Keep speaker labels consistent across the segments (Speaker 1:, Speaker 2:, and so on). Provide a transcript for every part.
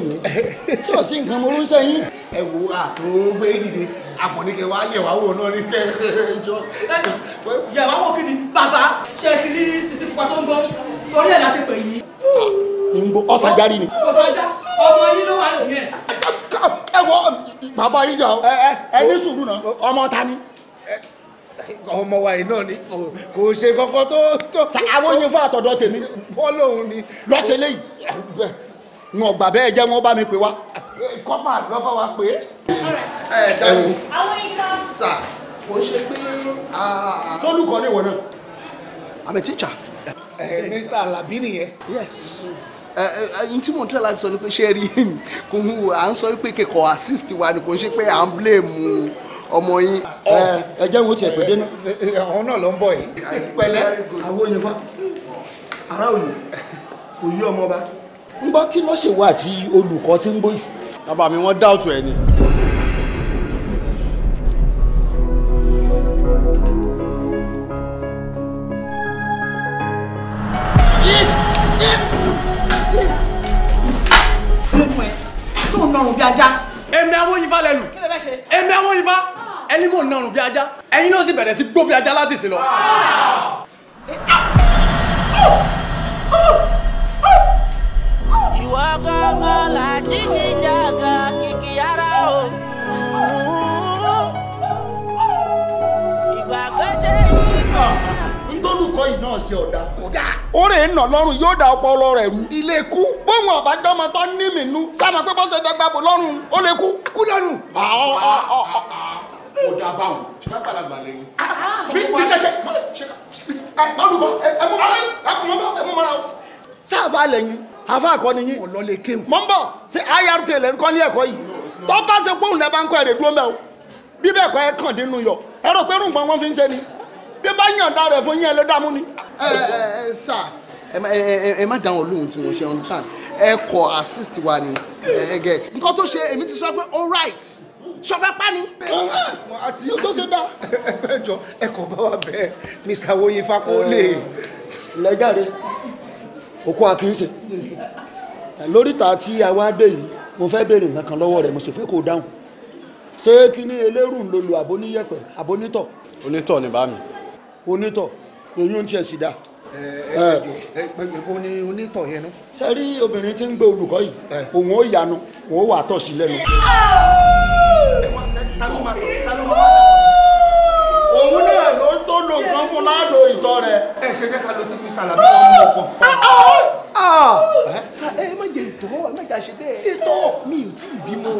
Speaker 1: léèwé tí ò sí nǹkan mo ló ń sẹ́yìn. ẹ wo àtò gbé dìde àfọ̀nìkẹ wa yẹ̀wá wò náà ní kẹ́ ẹ yẹ̀wá wò kí ni bàbá ṣe ti rí títí pupa tó ń gbọ́ torí ẹ̀ la ṣe pè yìí. ìgbò ọ̀sàjárì ni. ọ̀sàjá ọmọ yín ló wà nìyẹn. ẹ wọ bàbá yìí jà ẹ ní sùúrù náà ọmọ ta ni ọmọ wa yìí náà ni kò ṣe kọ́kọ́ tó. àwọn yẹn fún àtọ̀dọ̀ tèmi. bọ́ọ̀lù òun ni. lọ́sẹ̀ lẹ́yìn n ò gbà bẹ́ẹ̀ jẹ́ wọn bá mi pè wá. kọ́pà lọ́ bá wa pè é. ẹ ẹ sà kò ṣe pé sólùkọ́ ni ìwọ náà. I'm a teacher. Mr. Alabi nìyẹn. yes ẹyin tí mò ń tẹ́ láti sọ ni pé ṣé rí kò ń wò à ń sọ pé kẹkọ̀ọ́ assist wa ni kò ń ṣe pé à ń blame ọmọ yín. ẹ jẹ́ wo tiẹ̀ pé dénú. àwọn náà ló ń bọ̀ yìí. pẹ̀lẹ́ àwọn òyìnbó ara òyìn òyìn ọmọ ń gbọ́ kí ló ṣe wà tí olùkọ́ ti ń gbóyè. bàbá mi wọ́n dáùtù ẹ̀ ni. èmi àwọn lẹnu. èmi àwọn ẹni mò ń nọrùn bí ajá ẹ̀yin náà sì bẹ̀rẹ̀ sí gbó bí ajá láti sí lọ. Ah!
Speaker 2: gbọ́gbọ́gbọ́ làjí jìjàgà
Speaker 1: ó rè é nà lọ́rùn yóò da ọpọlọ rẹ̀ rú. ilé kú. bóun ọ̀bá gbọ́mọ tó ní mi sábà pé bọ́sẹ̀ dàgbà bò lọ́rùn ó lè kú. kú lọ́rùn. dà ah, ah, ah. ṣe ṣe afa akọni yín mọ̀ ń bọ̀ ṣe irk lẹ́ ń kọ́ ní ẹ̀kọ́ yìí tó bá ṣe pé òun lẹ́ bá ń kọ́ ẹ̀rẹ̀ dúró mẹ́ o bí bẹ́ẹ̀ kọ́ ẹ kàn dín nu yọ ẹ rò pé rúgbọ́n wọn fi ń ṣe ni bí bá yànda rẹ̀ fún yín ẹ dààmú ni. ẹ ẹ sà ẹ má dáhùn olóhùn tí wọn ṣe understand ẹ kọ assist wa ni ẹ get nǹkan tó ṣe èmi ti sọ pé all right sọfẹ pani. àti tó ṣe dá. ẹ jọ ẹ kò bá wa bẹ mr woyin fakole lẹjáde. òkú àkíyèsí lóríta tí a yìí mo fẹ́ béèrè nǹkan kan lọ́wọ́ rẹ̀ mo sì fẹ́ kó dáhùn ṣé kí ní elérù ń lolo àbóníyẹ̀pẹ̀ àbónítọ̀. onítọ̀ ni bá mi. onítọ̀ èyí ń tiẹ̀ sì dá. ẹ ẹ yi gbogbo ni onítọ̀ yẹn nu. ṣe rí obìnrin tí ń gbé olùkọ́ yìí òun ó yanu òun ó wà tọ̀ sí lẹ́nu. ta ló máa tọ̀ sí òun náà ló tó lo nǹkan fún láàlò ìtọ́ rẹ̀. ẹ ṣe jẹ́ ká lo tí mr labẹ́ ọmọ kan. ẹ má jẹ ìtọ́ ẹ má jẹ àṣetẹ́ ẹ ìtọ́ mi ò tí ì bímọ.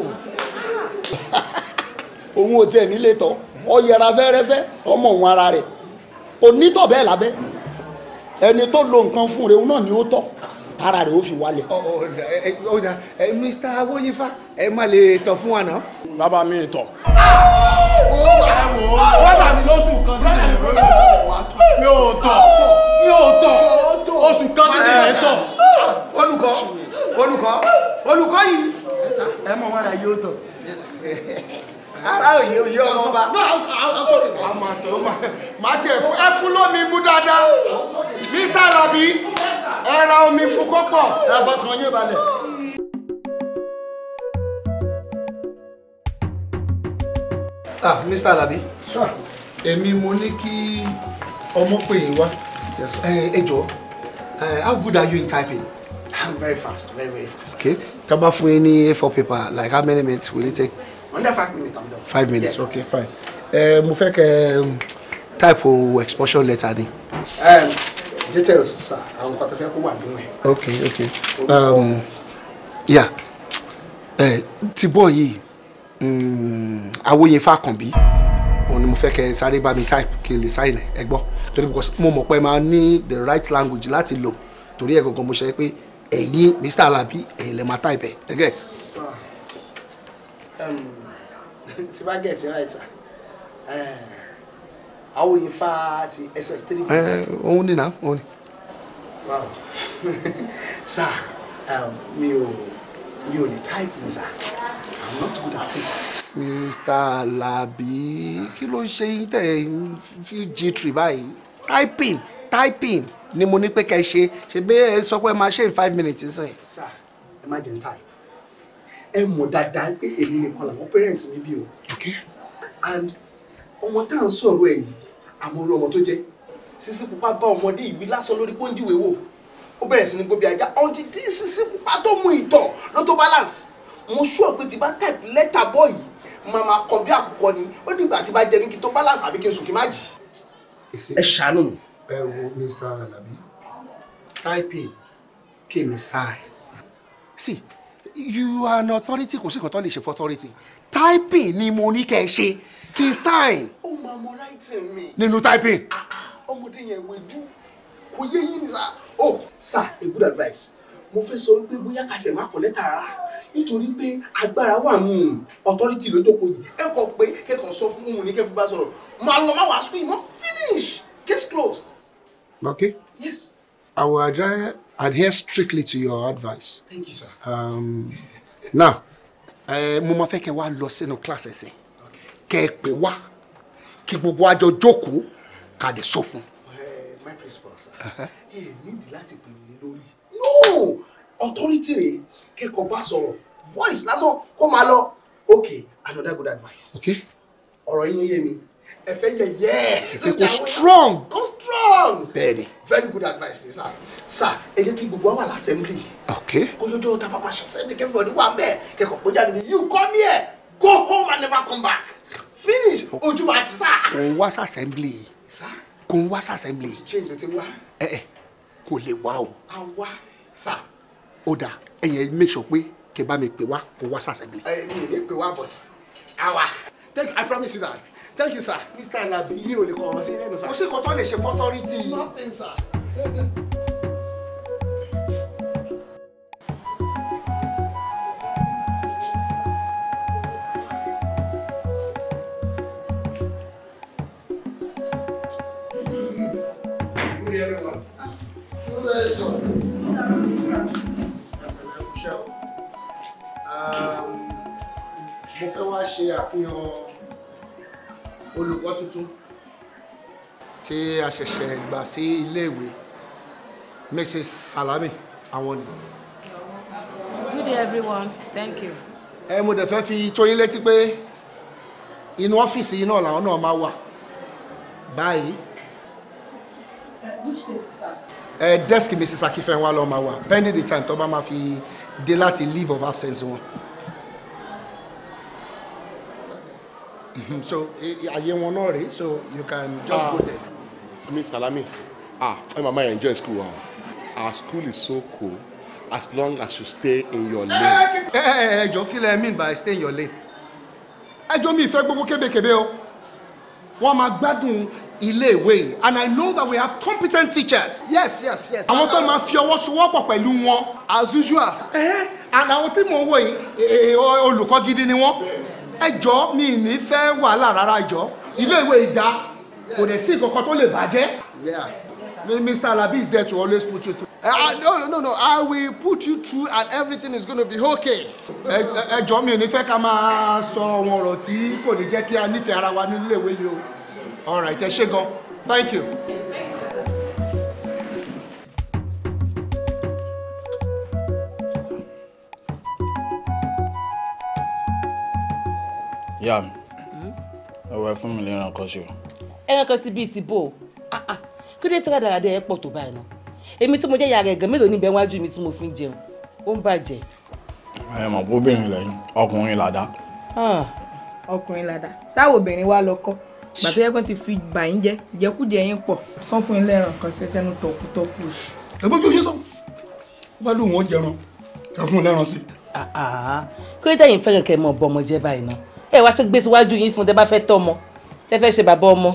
Speaker 1: òun ò tiẹ̀ nílé tọ́ ọ yẹra fẹ́rẹ́fẹ́ ọmọ òun ara rẹ̀ onítọ̀ bẹ́ẹ̀ lábẹ́ ẹni tó lo nǹkan fún rẹ̀ òun náà ni ó tọ́ tára rẹ̀ ó fi wálẹ̀. Mr. Awóyífá ẹ má lè tọ̀ fún wa náà. bàbá mi tọ̀.
Speaker 3: ẹ mi lóṣù kan sí ìrìn mi ò tọ̀
Speaker 1: mi ò tọ̀ oṣù kan sí ìrìn tọ̀. olùkọ́ olùkọ́ olùkọ́ yìí ẹ mọ̀ wàrà yóò tọ̀ ara òye òye ọmọ ọba. máa tiẹ̀ ẹ fún lómi mú dáadáa Mr. Labi ra omi fún kọ́pọ̀ ẹ fọkàn balẹ̀. ah mr alabi èmi mo ní kí ọmọ pè yín wá eh, ẹ jọ eh, how good are you in typing. I'm very fast, very, very fast. Okay. Tá bá fún yín ní A4 paper, like how many minutes will it take? Under five minutes, I'm done. Five minutes, yeah. okay, fine. Uh, mo fẹ́ kẹ́ um, type o expulsion letter ni. Um, details sir àwọn nǹkan tó fẹ́ kó wà Okay, ẹ̀. um, yeah ẹ ti bọ́ yìí mm, awóye fàkànbí òun ni mo fẹ́ kẹ́ sáré bá mi type kí n lè sign ẹ gbọ́ torí because mo mọ̀ pé máa the right language láti lò torí ẹ̀ gangan mo ṣe pé ẹ̀yin Mr. Alabi ẹ̀yin lè máa type ẹ̀ ẹ get. Um, tí bá get right sir. Eh awo yi faa ti ss3. ẹ òun ni na òun ni. wow sir um, mi ò mi ò ní type ni sir i'm not good at it. mr Labi, kí ló ń ṣe yín tẹ̀ ń fi g báyìí typing typing ni mo ní pé kẹ́ ẹ ṣe ṣe bí ẹ sọ pé máa ṣe in five minutes sẹ. sir ẹ má jẹ́ n type ẹ mọ̀ dáadáa pé èmi nìkan làwọn parents mi bí o. okay. and ọmọ tá à ń sọ̀rọ̀ ẹ̀ àmọ́ orí ọmọ tó jẹ́ sísí pupa bá ọmọdé ìwí lásán lórí pọ́ńjìwé wò ó bẹ̀rẹ̀ sí ní gbóbi ajá ọ̀hún ti tí sísí pupa tó mu ìtọ̀ ló tó balance mo sure pé ti bá type lẹ́tà boy. yìí máa máa kọ bí àkùkọ ni ó dìgbà tí bá jẹ mí kí tó balance àbí kí n sùn kí n má jì. ẹ ṣàánú ẹ wo Mr. Alabi typing kí mi sáà. see you are an authority kò sí nǹkan tó lè ṣe for authority typing ni mo ní kẹ́ ẹ ṣe kí sign. ó máa mọ writing mi. nínú typing. Ah, ah, ọmọdé yẹn wẹjú kò yé yín ni sá. oh sir a good advice mo fẹ́ sọ wípé bóyá kàtẹ́ máa kọ̀ lẹ́tà rárá nítorí pé agbára wà mú un authority ló jókòó yìí ẹ kọ pé kẹkọọ sọ fún un ní kẹfí bá sọ̀rọ̀ máa lọ máa wá school mọ́ finish case closed. okay. yes. I will address adhere strictly to your advice. thank you sir. Um, now mo máa fẹ́ kẹ́ wá lọ sínú class ẹ̀sìn kẹ́ ẹ pè wá kí gbogbo àjọ jókòó ká dé sọ fún. my principal sir uh-huh. ẹ nídìí láti pè mí lórí. no authority rẹ̀ kẹ́kọ̀ọ́ bá sọ̀rọ̀ voice lásán kó máa lọ okay another good advice. okay ọ̀rọ̀ yín yé mi ẹ fẹ́ yẹ̀yẹ́. kò strong. Go strong. bẹ́ẹ̀ni. very good advice ni sir. sir ẹ jẹ́ kí gbogbo wa wà lásẹ̀mílì. ok. kó yọjọ́ ta papa ṣàṣẹ́mílì kẹ́fìrọ̀dì wà mẹ́ẹ̀ kẹ́kọ̀ọ́ pé jáde ni you come here go home and never come back finish ojúmọ́ àti sá. kò ń wá sàṣẹ́mílì. sá. kò ń wá sàṣẹ́mílì. ṣé ìlú ti wá. ẹ eh, ẹ eh. kò lè wá o. a wá sá. ó dà ẹyẹ make sure pé kẹ bá mi pè wá kò wá sàṣẹ́mílì. ẹ eh, mi ò ní pè wá but àwa. thank you i promise you that thank you sir. mr alabi yìí ò lè kọ̀ọ̀rọ̀ sí lẹ́nu sir. mo ṣe kò tó lè ṣe fọ́tọ́rítì. nothing sir. Um, mo fẹ́ wá ṣe àfihàn olùkọ́ tuntun tí a ṣẹ̀ṣẹ̀ gbà sí iléèwé Mrs. Salami àwọn ni.
Speaker 4: good day everyone thank you.
Speaker 1: ẹ mo dẹ̀ fẹ́ fi tó yín létí pé inú ọ́fíìsì yìí náà làwọn náà máa wà báyìí. ẹ desk Mrs. Akínfẹ́nwá ló máa wà pending the time tó bá máa fi dé láti leave of absence wọn. Mm-hmm. so àyè eh, eh, wọn náà rèé so you can just uh, go there. mi salami ah my mama enjoy school
Speaker 3: ah
Speaker 1: our school is so cool as long as you stay in your eh, lane. ẹ ẹ ẹ jọ kí lẹ mean by stay in your lane ẹ jọ mi ìfẹ́ gbogbo kébékébé o wọ́n máa gbádùn ilé ìwé yìí and i know that we have competent teachers. yes yes yes. àwọn tó ah. máa fi ọwọ́ sowọ́pọ̀ pẹ̀lú wọn. as usual. and àwọn tí mò ń wò yìí olùkọ́ gidi ni wọ́n. Yes ẹjọ́ mi ní fẹ́ wàhálà rárá ẹjọ́ ilé ìwé ìdá kò dẹ̀ sí nǹkan kan tó lè bàjẹ́. Mr. Alabi is there to always put you through. Uh, no, no, no, I will put you through and everything is gonna be okay. Ẹjọ́ mi ò ní fẹ́ ká máa sọ àwọn ọ̀rọ̀ tí kò ní jẹ́ kí a nífẹ̀ẹ́ ara wa nílé ìwé yìí o. All right, ẹ ṣé gan.
Speaker 3: Thank you.
Speaker 2: ìyá mi
Speaker 1: ọwọ́ ẹ fún mi lẹ́ran kan ṣe o.
Speaker 4: ẹran kan sí bíi ti bò ah, ah. kí ló ti rà dáradá ẹ pọ̀ tó báyìí náà èmi tí mo jẹ́ ìyá rẹ̀ gan mélòó níbẹ̀ wájú mi tí mo fi ń jẹun ó ń bàjẹ́.
Speaker 1: ẹ mọ̀ bóbìnrin lẹ́yìn ọkùnrin làdá.
Speaker 4: Ah. ọkùnrin làdá sáwọ obìnrin wa lọkọ gbàtọ́ yẹ kó ti fi bà yín jẹ jẹkújẹ yín pọ̀ kán fún yín lẹ́ran kan ṣẹṣẹ́ nu tọkutọ́kù. ẹ bójú yín sọ bá lóun ó jẹran ẹ fún un lẹ́ran sí. kí ló dé yín fẹ́ràn kẹ́ mọ̀ bọ́mọ jẹ́ báyìí náà ẹ wá ṣe gbé síwájú yín fún tẹ bá fẹ́ tọ́ ọmọ tẹ fẹ́ ṣe bàbá ọmọ.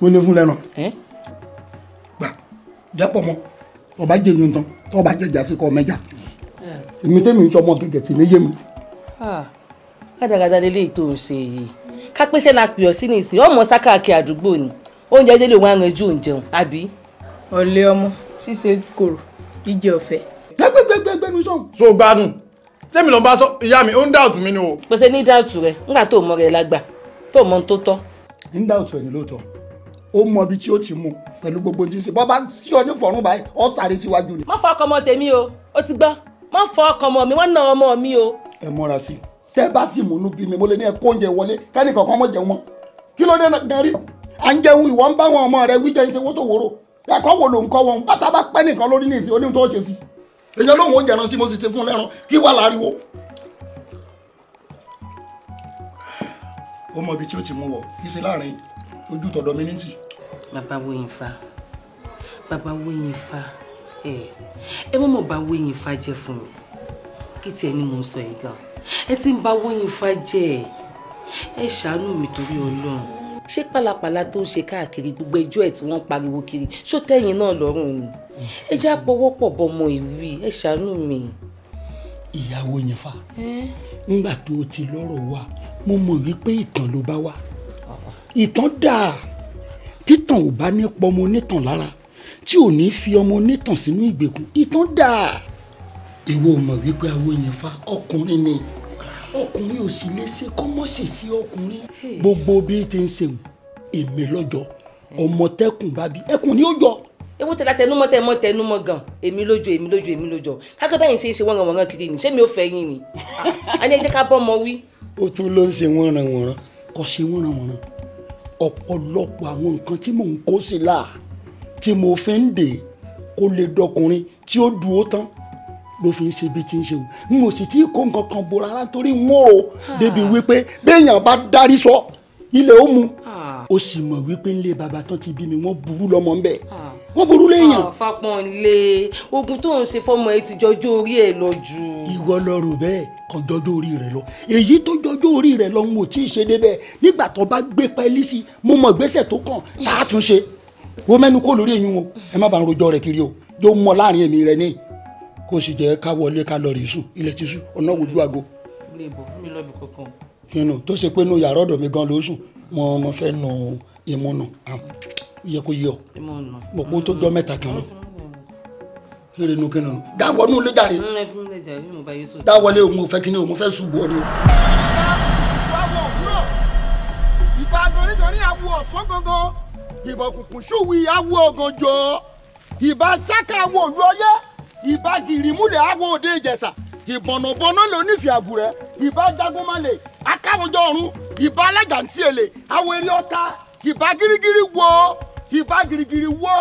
Speaker 1: mo ní fún lẹ́nu gbà jápọ̀ mọ́ ọba jẹ̀yìn tán tọ́ba jẹ̀jà sí kọ́ mẹ́jà èmi tẹ́mi ń sọmọ gẹ́gẹ́ tì ní yé mi.
Speaker 4: gàdàgàdà lélẹ́yìí tó ń ṣe yìí kápẹ́sẹ́ la pè ọ́ sí nìsín ọmọ sákàkì àdúgbò ni oúnjẹ délé òun arànjú òǹjẹun àbí. ọ̀lẹ́ ọmọ ṣíṣe kòrò jíjẹ ọ̀fẹ́. gbẹgbẹgbẹgbẹ mi sọ. so gbádùn sẹ́mi lọ́n bá sọ ìyá mi ó ń dáàtù mi ni o. pèsè ní dáàtù rẹ nígbà tó mọ rẹ lágbà tó mọ tó
Speaker 1: tọ́. ní dáàtù ẹ̀ ní lóòótọ́ ó mọ ibi tí ó ti mú pẹ̀lú gbogbo tí ń ṣe bọ́ sí ọ ní fọ̀rún báyìí ọ sáré síwájú ni. má fọ ọkọ ọmọ tèmi o ó ti gbọ́ má fọ ọkọ ọmọ mi wọ́n na ọmọ mi o. ẹ mọ́ra sí i tẹ́ bá sì múnú bí mi mo lè ní ẹ kó oúnjẹ wọlé kẹ́ni kankan mọ̀ jẹun mọ́ kí ló dé gan rí à ń jẹun ìwọ ń bá wọn ọmọ rẹ wíjẹ ìṣèwọ́ tó wòrò ẹ̀kọ́ wo ló ń kọ́ wọn bàtà bá pẹ́ nìkan lórí ní ìsìn oníhun tó ṣe sí èyàn lóun ó jẹran sí mo sì ti fún un lẹ́ran kí wà láriwo. ó mọ ibi tí ó ti mú wọ kí ṣe láàrin ojú tọ̀dọ̀ mi ní tì.
Speaker 4: bàbá wo yín fa bàbá wo yín fa ẹ ẹ mọ̀ mọ̀ bá wo yín fa jẹ́ fún mi kí tiẹ̀ ni mò ń sọ yìí gan ẹ ti ń bá wo yín fa jẹ́ ẹ ṣàánú mi torí ọlọ́run ṣé pàlàpàlà tó ń ṣe káàkiri gbogbo ẹjọ́ ẹ̀ tí wọ́n ń pariwo kiri ṣó tẹ́yìn náà lọ́rùn ni ẹ já pọwọ́pọ̀ bọmọ ìwúrí ẹ ṣàánú mi.
Speaker 1: ìyàwó yẹn fa nígbà tó o ti lọ́rọ̀ wa mo mọ̀ wípé ìtàn ló bá wa ah, ah. ìtàn dáa títàn ò bá ní pọmọ onítàn lára tí ò ní fi ọmọ onítàn sínú ìgbèkùn ìtàn dáa ìwọ mọ̀ wípé awo yẹn fa ọkùnrin ni. Mm ọkùnrin ò sì lè ṣe kó mọ̀ ṣe sí ọkùnrin gbogbo bí ti ń ṣe èmi lọ́jọ́ ọmọ tẹ́kùn bá bí ẹkùn ni ó jọ. ewu tẹ
Speaker 4: látẹnumọ tẹ mọ tẹnumọ gan èmi lójó èmi lójó èmi lójó kákẹ́ báyìí ṣe ń ṣe wọ́nrán wọ́nrán kiri ni ṣé mi ò fẹ́ yín ni a ní ẹ jẹ́ ká bọ́ ọmọ wí.
Speaker 1: ó tún ló ń ṣe wọ́nrán wọ́nrán kò ṣe wọ́nrán wọ́nrán ọ̀pọ̀lọpọ̀ àwọn nǹkan tí mò ń kó sí là tí mo fi ń dè kó lè dọkùnrin tí ó dúró tán ló fi ń ṣe bí ti ń ṣe o n ò sì tí kó nǹkan kan bo rárá torí n ó rò ah. débi wípé béèyàn bá dárí sọ ilé ó mu ó ah. sì mọ̀ wípé nílé bàbá tán ti bí mi wọ́n burú lọ́mọ ńbẹ̀ ah. wọ́n burú léèyàn.
Speaker 4: fapọ̀n lé ogun tó ń ṣe fọmọ ẹ ti jọjọ́ orí ẹ lọ jù.
Speaker 1: ìwọ lọ rò bẹ́ẹ̀ kan jọjọ́ orí rẹ lọ èyí tó jọjọ́ orí rẹ lọ n ò tí ì ṣe débẹ̀ nígbà tó bá gbé pẹ́ẹ́lí sí mo mọ̀ gbèsè tó kàn tá tún ṣe wo mẹ́nu kó lórí eyín o ẹ má bàa rojọ́ rẹ kiri o yóò mọ láàrin èmi rẹ ní kó o sì jẹ́ ká wọlé ká lọ rè sùn ilẹ̀ ti sùn ọ̀nà wojú aago. kinu tó ṣe pé inú yàrá ọ̀dọ̀ mi gan ló sùn mo mo fẹ́ nu ìmúnu yẹ kó yẹ ọ mo kó tó jọ mẹ́ta kan náà kéré nu kínú dáwọ́ nù lé jàre dáwọ́ lé o mo fẹ́ kíní o mo fẹ́ ṣubú ọ ni o. ìbáwọ̀ òwúrọ̀ ìbàdàn nítorí àwọ̀ ọ̀sán gangan ìbọ̀kùnkùn ṣùwì àwọ̀ ọ̀gànjọ́ ìbá ṣáká àwọ̀ òwúrọ̀ yẹ́ ìbàgìrì múlẹ̀ àwọ̀ òde ìjẹ̀ṣà ìbọ̀nàbọ̀nà ló nífẹ̀ẹ́ àbúrẹ́ ìbá jagunmalè akáwọjọ ọ̀run ìbá alágàntí èlé àwọ̀ eré ọ̀tá ìbá girigiri wo ìbá girigiri wo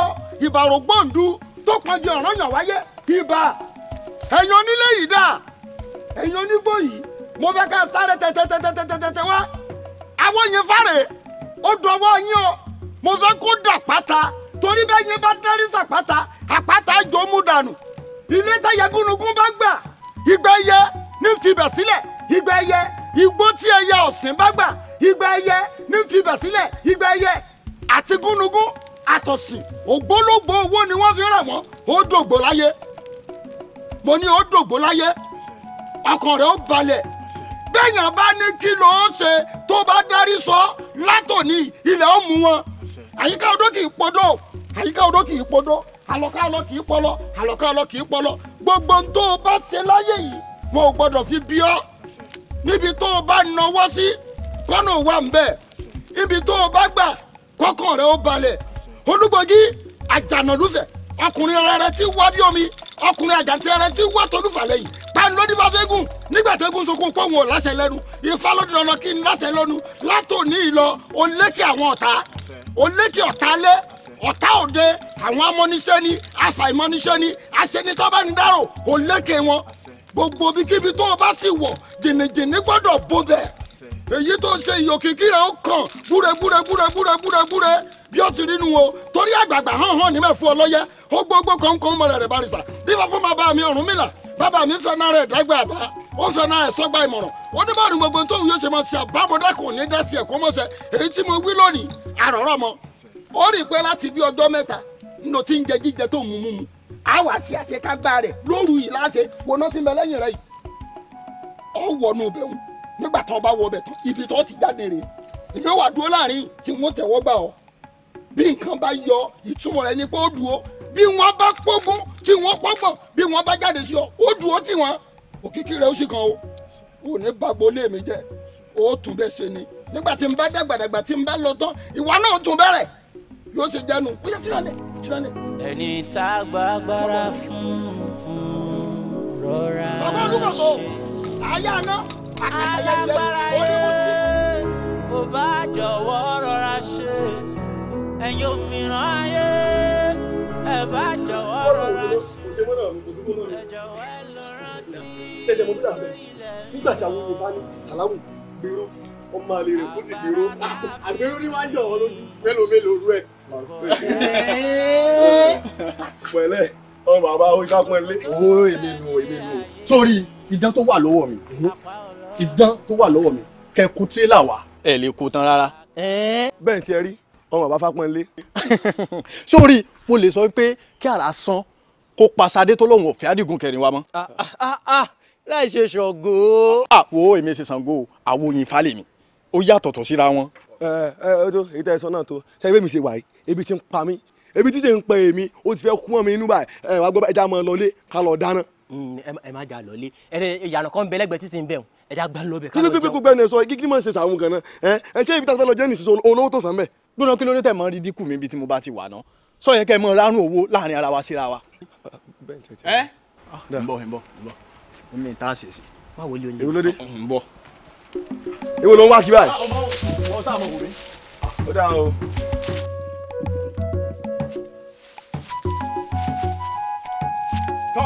Speaker 1: ìbá rògbòǹdù tó pọnjú ọ̀ràn yàn wáyé ìbá ẹ̀yin onílé yìí dà ẹ̀yin onígbò yìí mo fẹ́ ká sáré tẹ́tẹ́tẹ́tẹ́tẹ́tẹ́ wá àwọn yẹn fárẹ̀ ó dọwọ́ yín o mo fẹ́ kó dàpáta torí bẹ́ẹ̀ yẹn bá dárí sàpáta àpáta jọ mú dànù ilé táyà gúnugún bá gbà ìgbà ẹyẹ ní fibẹ̀ sílẹ̀ ìgbà ẹyẹ igbó tí ẹyẹ ọ̀sìn bá gbà ìgbà ẹyẹ ní fibẹ̀ sílẹ̀ ìgbà ẹyẹ àti gúnugún àtọ̀sìn ògbólógbò owó ni wọ́n fi rà wọ́n ó dògbò láyé mo ní ó dògbò láyé ọkàn rẹ̀ ó balẹ̀ bẹ́ẹ̀yàn bá ní kí ló ń ṣe tó bá dárí sọ látòní ilẹ̀ ó mú wọn àyíká odó kì í podó àyíká odó kì í podó àlọ́kàlọ́ kì í pọlọ àlọ́kàlọ́ kì í pọlọ gbogbo ń tó o bá ṣe láyé yìí wọn ò gbọdọ̀ sí bí ọ́ níbi tó o bá náwó sí kọ́nà wà ń bẹ̀ ibi tó o bá gbà kọ́kàn rẹ ó balẹ̀ olúgbògì àjànàlúfẹ̀ ọkùnrin rẹ tí wá bí omi ọkùnrin àjàntìrẹrẹ tí wá tolúfà lẹ́yìn panilódì bá fẹ́ nígbà tó gùn sunkún pọ̀ wọn láṣẹ lẹ́nu ifá lọ́nà kí n láṣẹ lẹ́nu látòní ìlọ olékè àwọn ọ̀tá olékè ọ̀tá lẹ́ ọ̀tá òde àwọn amọ́niṣẹ́ ni àfàìmọ́niṣẹ́ ni aṣenitọ́bánidáró kò lékè wọn gbogbo ibikíbi tó o bá sì wọ̀ jìnnìjìnnì gbọ́dọ̀ bóbẹ̀ èyí tó ṣe ìyókìkí rẹ̀ ó kàn búrẹ́búrẹ́búrẹ́búrẹ́búrẹ́ bí ó ti rí nu o torí àgbààgbà hàn hàn ní mẹ́fọ́ ọlọ́yẹ ó gbogbo kọ̀ọ̀kan mọ̀rẹ̀ rẹ̀ barisa bíbá fún bàbá mi Ọ̀rúnmìlà bàbá mi fẹ́ràn rẹ̀ dágbà àbá ó fẹ́ràn rẹ̀ sọ́gbà ìmọ̀ràn ó ní báwo ni gbogbo tóun yóò ṣe máa ṣe àbámọ́dá kò ní dá sí ẹ̀kọ́ mọ́ṣẹ́ èyí tí mo wí lónìí àròrọ̀ mọ́ ó rí i pé láti bí ọjọ́ mẹ́ta nínú tí ń jẹ jíjẹ tó mú mú mu á wà sí àṣekágbá rẹ̀ lóru yìí láṣẹ wọnà tí ń bẹ lẹ́yìn rẹ̀ yìí ọ wọnú ọbẹ̀ wọn nígbà tó bá wọ ọbẹ̀ tán ibi tó ti jáde rèé èmi wà dúró láàrin tí wọ́n tẹ̀wọ́ gbà ọ́ bí nǹkan bá yọ ìtumọ̀ rẹ̀ ni pé ó dúró bí wọ́n bá pógún tí wọ́n pọ́gbọ̀n bí wọ́n bá jáde sí ọ ó dúró tì wọ́n òkìkí rẹ̀ ó sì kàn ó ò ní gbàgbọ́ lé mi jẹ́ ó tún bẹ́ẹ̀ ṣe ni nígbà tí n bá dàgbàdàgbà tí n bá lọ tán ìwà náà tún bẹ̀rẹ̀ yóò ṣe jẹnu ó yẹ sílẹ̀ sílẹ̀.
Speaker 2: ẹni tá a gba agbára fún rọra ṣe. ọgọ́ olúkọ̀ kò àyà ná alágbára yẹ kò bá jọ̀wọ́ rọra ṣe ẹ̀yin òmìnira ayé ẹ bá
Speaker 1: jọ̀wọ́ rọra ṣe ẹ ẹ lọ rántí ilẹ̀. nígbà tí àwọn Yorùbá ní sàlámù gbèrò ọmọ àlè rẹ̀ kó ti gbèrò àgbèrò níwájú ọ̀hún lójú mélòó mélòó rú ẹ̀. pẹ̀lẹ́ ọmọ bàbá ó ṣàpọ̀ ẹ̀ lé. owó èmi nù èmi nù sórí idán tó wà lọ́wọ́ mi mhm. idán tó wà lọ́wọ́ mi kẹ̀kú tírélà wà. ẹ lè kó tán rárá. bẹ́ẹ̀ ti rí ọmọ bàbá fapọ̀ ńlé. sórí mo lè sọ pé kí àrà san kó pasadé tó lóun ò fẹ́ kẹrin wa mọ́. Ah, ah, ah, láì ṣe ṣọ̀gbọ́. àwo èmi ṣe ṣàngó àwo yìnfà lèmi ó yàtọ̀tọ̀ síra wọn. ẹ ẹ o
Speaker 5: tó èyí tẹ ẹ sọ náà
Speaker 1: tó sẹ́yìn bẹ́ẹ̀ mi ṣe wà yìí ebi ti ń pa mí ebi ti ṣe ń pa èmi ó ti fẹ́ kú mọ́ mi inú báyìí ẹ wàá gbọ́ ẹja máa lọlé ká lọ dáná.
Speaker 5: Mm, ẹ má jà lọlé ẹ ìyànà kan bẹlẹgbẹ tí sì ń bẹun ẹja gbà lọ bẹ ká lọ jẹun. kí ló
Speaker 1: gbé gbogbo ẹni sọ kí ni mo ṣe sàwọn kan náà ẹ ẹ ṣé ibi tá a fẹ́ lọ jẹ́ nìṣiṣẹ́ olówó tó sàn bẹ́ẹ̀. gbọ́dọ̀ kí ló dé tẹ̀ mọ́ rí dínkù mi ibi tí mo bá ti wà náà sọ yẹ kẹ́ ẹ mọ rárùn owó láàrin ara wa síra wa. ẹ ń bọ̀ ń bọ̀ ń bọ̀ ń bọ̀ ń èwo ló ń wá kí báyìí. Ah, ọmọ sáà mọ̀ wò mí. ó dáa o. tọ́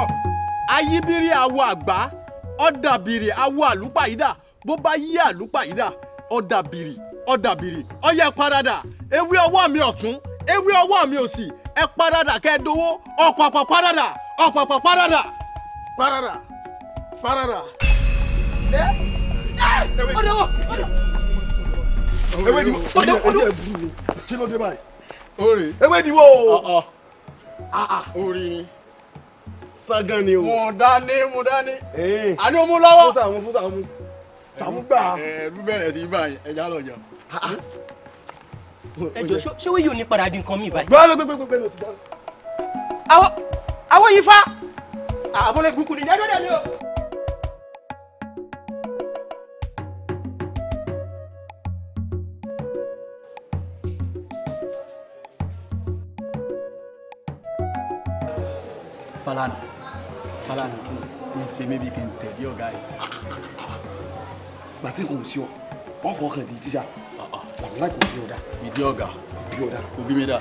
Speaker 1: ayíbírí awo àgbá ọ̀dàbìrì awo àlùpàyídà bó bá yí àlùpàyídà ọ̀dàbìrì ọ̀dàbìrì ọ̀yẹ́ paradà ewé ọwọ́ mi ọ̀tún ewé ọwọ́ mi òsì ẹ paradà kẹ́ẹ̀dọ́wọ́ ọ̀pọ̀pọ̀ paradà ọ̀pọ̀pọ̀ paradà paradà paradà.
Speaker 4: Eh? ọ̀dọ̀
Speaker 1: ọ̀dọ̀. ewé ni wo ọ̀dọ̀ ọ̀dọ̀ kí ló dé báyìí. oore ewé ni wo. oore ni sagan ni o. mo dání mo dání. àní o mú lọ́wọ́. fúnṣà mú fúnṣà mú sàmúgbà. ẹrú bẹ̀rẹ̀ sí báyìí ẹja lọ jà. ẹ jọ ṣé wọ́n yóò ní padà di nǹkan mi báyìí. gbọ́dọ̀ gbẹ́gbẹ́ gbẹ́gbẹ́ lọ sí dáná. àwọn àwọn yìí fa àbọ̀lẹ̀ gúkú ni ẹjọ́ dẹ̀ mi o. Fálànà Fálànà kí n ṣe mébi kí n tẹ̀lé ọ̀gá yìí gbàtí kò sí ọ wọn fọ ọkàn di tíṣà làwọn ah, ah. láì kò bí ọ̀dà ìdí ọ̀gá bí ọ̀dà kò bí mi dà.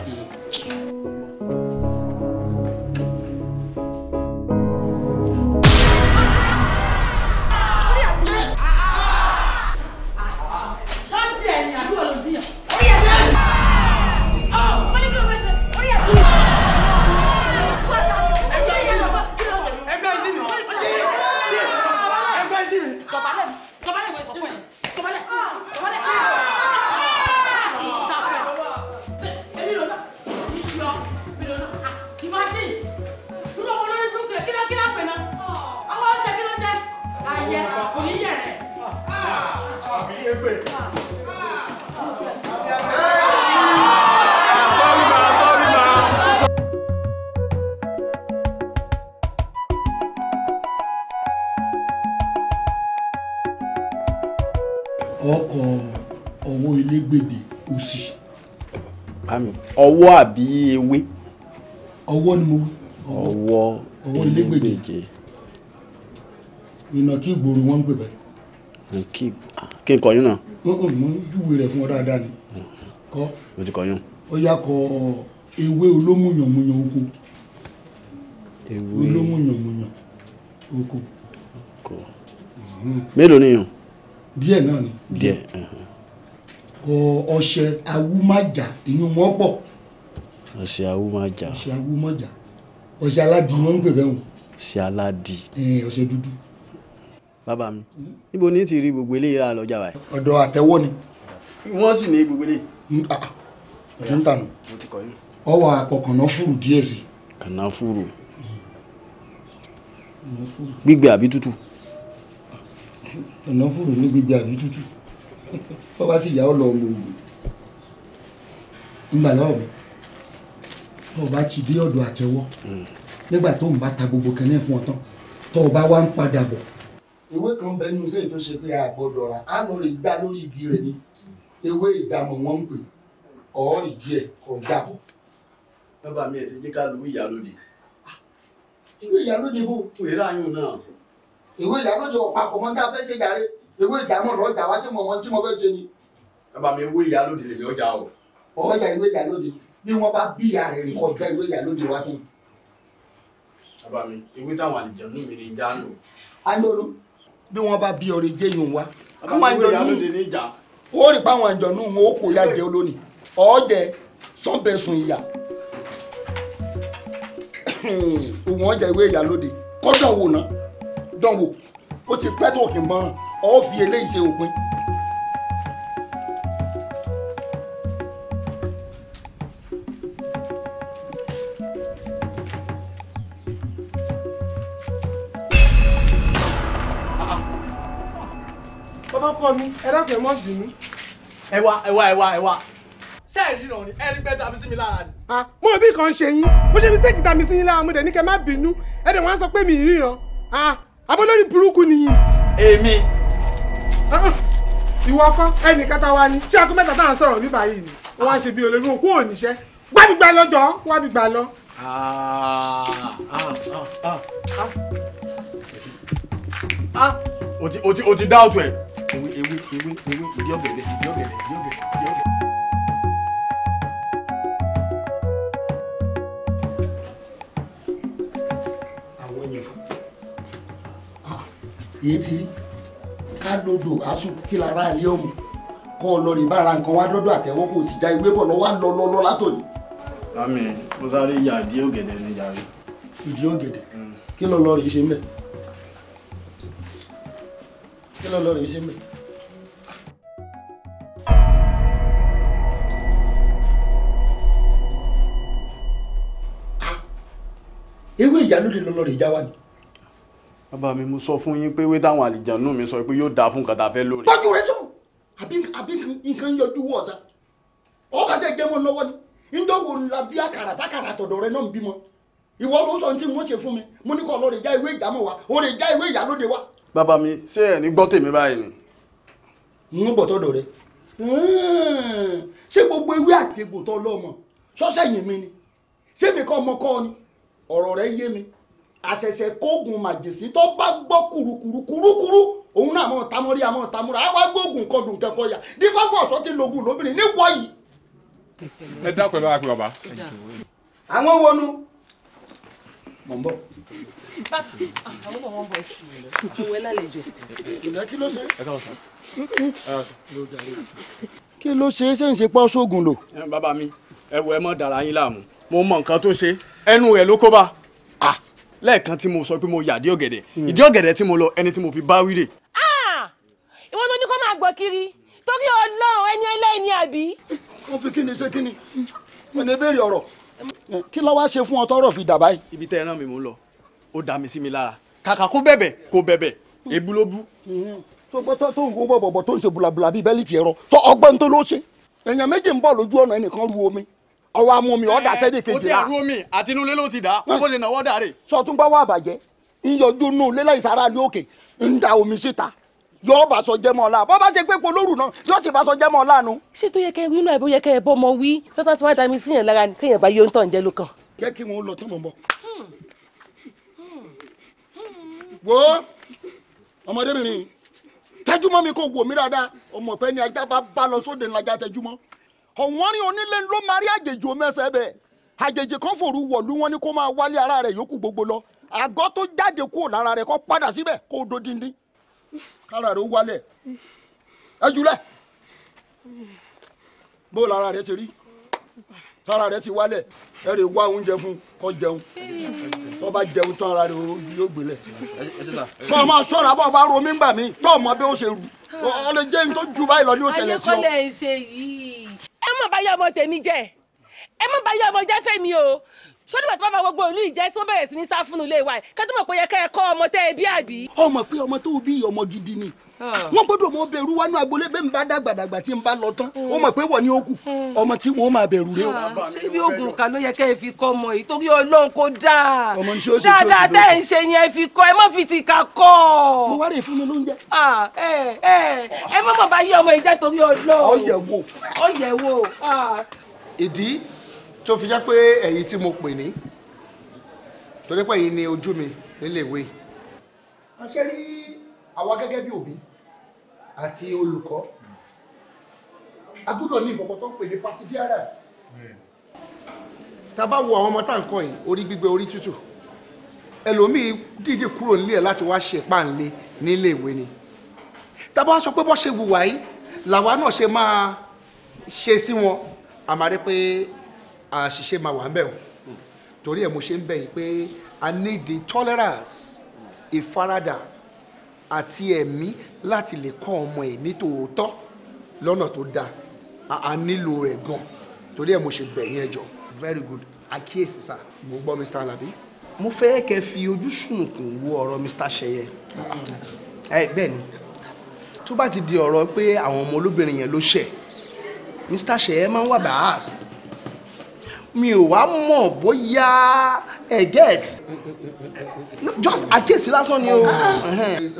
Speaker 1: ọwọ́ àbí ewé. ọwọ́ ni mo wí. ọwọ́ ọwọ́ ilégbèjè. ìnàkí ìgboro wọn ń pè bẹ́ẹ̀. kí kí n kọ yín náà. mo ń júwe rẹ̀ fún ọ dáadáa ni. kọ́ mo ti kọ yín. ó yà kọ ewé olómùyànmùyàn oko. ewé olómùyànmùyàn oko. oko. Mhm. mélòó ni yàn. díẹ̀ náà ni. díẹ̀. kọ ọṣẹ awúmájà ìyún wọn pọ̀. ọ̀sẹ̀ awúmọ̀jà ọ̀sẹ̀ awúmọ̀jà ọ̀sẹ̀ aládì wọ́n ń pè bẹ́ẹ̀ o. ọ̀sẹ̀ aládì. dúdú. bàbá mi níbo ni ti rí gbogbo eléyìí ra lọ́jà wa. ọdọ àtẹ̀wọ́ ni. wọ́n sì ní gbogbo eléyìí. sí. àbí tútù. ní àbí tútù sì yà lọ tó o bá ti dé ọ̀dọ̀ àtẹwọ́ nígbà tó ń bá ta gbogbo kẹ́lẹ́ fún ọ tán tó o bá wá ń padà bọ̀. ewé kan bẹ nínú sẹ́yìn tó ṣe pé a gbọ́dọ̀ rà á lọ rí gbá lórí igi rẹ̀ ni ewé ìdààmú wọn ń pè ọ́ ìdí ẹ̀ kọ̀ dàbọ̀. bàbá mi ẹ̀ ṣe jẹ́ ká lu ìyálóde. ewé ìyálóde bò. wèrè ayún náà. ewé ìyálóde ọ̀pápọ̀ mọ́ tá a fẹ́ ṣe dàrí ewé ìdààmú ọ̀rọ̀ dà wá sí mọ̀ wọn tí mo fẹ́ ṣe ni. bàbá mi ewé ìyálóde lè mi ọjà o. ọjà ewé bí wọ́n bá bí ìyá rẹ̀ rìn kọjá ìwé ìyá lóde wá sí. bàbá mi ìwé táwọn àlìjẹ̀nú mi ni ìjà ń lò. a lóru bí wọ́n bá bí ọ̀rẹ́ jẹ́ yòó wá. àwọn àjọ̀nú ó rí pa àwọn àjọ̀nú wọn ó kò yá jẹ olónìí ọ̀ọ́dẹ sọ́nbẹ̀sùn ìyá òun ọjà ìwé ìyá lóde kọ́ dánwò náà dánwò ó ti pẹ́ tó kì í mọ́ ọ fi eléyìí ṣe òpin. ọkọ mi ẹ dákun ẹ mọ bínú. ẹ wá ẹ wá ẹ wá ẹ wá sẹ́ẹ̀rì ni ẹ̀rí tàbí sí mi lára ni. Ah, mo rò bí nǹkan ṣe yín mo ṣe mistake tàbí sí yín lára mo dẹ̀ ní kẹ́ má bínú ẹ dẹ̀ wọ́n á sọ pé mi ìríran abọ́lórí ah, burúkú nìyí. èmi. Ah, ìwọ ọkọ ẹnìkan tá wa ni ṣé aago mẹ́ta tá à ń sọ̀rọ̀ bíbá yìí ni wọ́n wá ṣe bí olórí òkú òníṣẹ́ gbàdúgbà lọ́jọ́ wàdúgbà lọ. o ti o ti o ti dá òtún ẹ̀ ewé ewé ewé ewé ìdí ọ̀gẹ̀dẹ̀ ìdí ọ̀gẹ̀dẹ̀ ìdí ọ̀gẹ̀dẹ̀ ìdí ọ̀gẹ̀dẹ̀. àwọn yẹn fún èyí ti rí kánodò asu kí lára ilé ọmọ kọ́ ọ lọ rí bára nǹkan wá dọ́dọ̀ àtẹ̀wọ́ kò sì já ewé bọ̀ lọ́wọ́ lọ lọ lọ látòní. lámì mo sáré ya ìdí ọ̀gẹ̀dẹ̀ ni yàrá. ìdí kí lọ lọ yìí ṣe mẹ́ẹ̀ kí ló ah! lọ rèé ṣe mẹ́. ewé ìyálóde lọlọ rèé já wa ni. bàbá mi mo sọ fún yín pé wétáwọn àlìjànú mi sọ pé yóò dáa fún kàtà fẹ́ lórí. bájú rẹ sọ àbí nǹkan yọjú wọn ọ̀sán ọba ṣe jẹ́ mọ́ lọ́wọ́ ni njọ́ wo la bí àkàrà tákàrà àtọ̀dọ̀ rẹ náà ń bímọ ìwọ ló sọ ní tí mo ṣe fún mi mo ní kọ́ ọ lọ já ìwé ìjámọ̀ wa ó rè já ìwé ìyálóde wa bàbá mi ṣé ẹ̀ ní gbọ́ tèmi báyìí ni. ń bọ̀ tọ́dọ̀ rẹ ṣé gbogbo ewé àtegbò tó lọ́mọ sọ́sẹ̀yìn mi ni ṣé mi kọ́ ọmọ kọ́ ni ọ̀rọ̀ rẹ yé mi àṣẹ̀ṣẹ̀ kóògùn màjèṣí tó bá gbọ́ kùrukùru kùrukùru òun náà mọ̀ tamọ́rí àmọ́ tamúra àwa gbóògùn kọdùn tẹ̀kọ́ yà ní fáfọ́ ọ̀sọ́ ti lògùn lóbìnrin níwọ̀ yìí. ẹ dákun ẹ bá wá pé bàbá. àwọn wọnú mọ̀ ń bọ̀. àwọn ọmọ wọn bọ̀ ṣù mí wẹ́ lálejò. ìlẹ́ kí ló ṣe. kí ló ṣe é ṣe ń ṣe pọ́ sóògùn lò. bàbá mi ẹ wọ ẹ mọ dára yín láàmú mo mọ nǹkan tó ṣe ẹnu rẹ ló kó bá lẹ́ẹ̀kan tí mo sọ pé mo yàdí ọ̀gẹ̀dẹ̀ hmm. ìdí ọ̀gẹ̀dẹ̀ tí mo lọ ẹni tí mo fi bá wíre.
Speaker 4: ìwọ ló ní kó máa gbọ́ kiri torí Ọlọ́run ẹni ẹlẹ́ni àbí.
Speaker 1: wọ́n fi kí ni ṣe kí ni wọ́n ní ebéèrè ọ̀rọ̀ kí ló wá ṣe fún ọ tọrọ fi dà báyìí. ibi tẹ́ ẹ rán mi mò ń lọ ó dà mí sí mi lára kàkà kó bẹ̀bẹ̀ kó bẹ̀bẹ̀ èbú ló bú. tó gbọ́ tó tó ń wo bọ̀bọ̀ tó ń ṣe bùlàbùlà bíi bẹ́líìtì ẹ̀rọ tó ọgbọ́n tó ló ṣe èèyàn méjì ń bọ̀ lójú ọ̀nà ẹnìkan ru omi ọwọ́ amú mi ọ̀dà sẹ́dí kejì la. ó ti àrú omi àtinúlé ló ti dà ó lè náwó yóò bá sọ jẹmọ ọlá bọ́ bá ṣe pé polóòrù náà yóò sì bá sọ jẹmọ ọlá nu. ṣé tó yẹ kẹ nínú ẹ bó
Speaker 4: yẹ kẹ ẹ bọ́ ọmọ wí sọ́tọ́ tí wọ́n dá mi sí yàn lára kéèyàn bá yóò ń tàn jẹ́ ló kàn.
Speaker 1: jẹ́ kí wọ́n lọ tán mọ̀ bọ̀. Hmm. wo ọmọdébìnrin tẹjúmọ́ mi kò wò mí dáadáa ọmọ ọ̀pẹ ni ajá bá bá lọ sóde ńlájà tẹjúmọ́ ọ̀wọ́n rí onílé ló máa rí àjèjì omẹ́sẹ̀ bẹ́ẹ̀ àjèjì kan fòru wọ̀lú wọn ni kó máa wálé ara rẹ̀ yòókù gbogbo lọ àgọ́ tó jáde kúrò lára rẹ̀ kó padà síbẹ̀ kó o do kára rẹ ó wálẹ̀ ẹ jùlẹ̀ bó lára rẹ ti rí tára rẹ ti wálẹ̀ ẹ rè wá oúnjẹ fún kó jẹun tó bá jẹun tán ara rẹ yóò gbélẹ̀
Speaker 2: kó o máa ṣọ́ra
Speaker 1: bá ro mí gbà mí tó o bí o ṣe rù ọ lè jẹ́ nítorí ju báyìí lọ ní òṣèlè sí ọ. ayẹkọ́lẹ̀
Speaker 4: ṣe yìí ẹ má bá yọ ọmọ tèmi jẹ ẹ má bá yọ ọmọ jẹ fẹ́mi o sọ́dún bàtà bàbá gbogbo ìlú ìjẹ́ tí bẹ̀rẹ̀ sí ní sá fún ilé wa ká tó mọ̀ pé yẹ ká ẹ kọ́ ọmọ tẹ́ ẹ bí
Speaker 1: ọmọ pé ọmọ tó bí ọmọ gidi ni wọn gbọdọ mọ bẹrù wánú tí bá lọ tán ó pé ní hmm. ọmọ tí
Speaker 4: ah, yẹ kẹ́ ẹ fi kọ́ ọmọ yìí torí kò dáa
Speaker 3: dáadáa tẹ́ ẹ
Speaker 4: ń
Speaker 1: ṣe ọmọ tó fi jẹ́ pé ẹ̀yin tí mo pè ní torí pé ẹ̀yin ni ojú mi níléèwé ṣe rí àwa gẹ́gẹ́ bí òbí àti olùkọ́ a gbọ́dọ̀ ní ìkọ̀kọ̀ tó ń pè ní perseverance tá bá wo àwọn ọmọ tá ń kọ́ yìí orí gbígbẹ orí tútù ẹlòmíì dìde kúrò nílé ẹ̀ láti wá ṣe páńlé nílé ni tá bá sọ pé bó ṣe wùwà yìí làwa náà ṣe máa ṣe sí wọn àmàrí pé àṣìṣe máa wà ń bẹ̀ o torí ẹ̀ mo ṣe ń bẹ̀ yìí pé i need the tolerance ìfaradà àti ẹ̀mí láti lè kọ́ ọmọ ẹ̀ ní lọ́nà tó dáa a nílò rẹ̀ gan torí ẹ̀ mo ṣe bẹ̀ yín ẹjọ́ very good àkíyèsí sá mo gbọ́ mr alabi. mo fẹ́ kẹ́ fi ojú sùnkùn wo ọ̀rọ̀ mr seye bẹ́ẹ̀ ni tó bá ti di ọ̀rọ̀ pé àwọn ọmọ olóbìnrin yẹn ló ṣẹ̀ mr seye máa ń wà bàá sí mi ò wá mọ̀ bóyá ẹ get
Speaker 3: just àkíyèsí lásán ni o. Ah.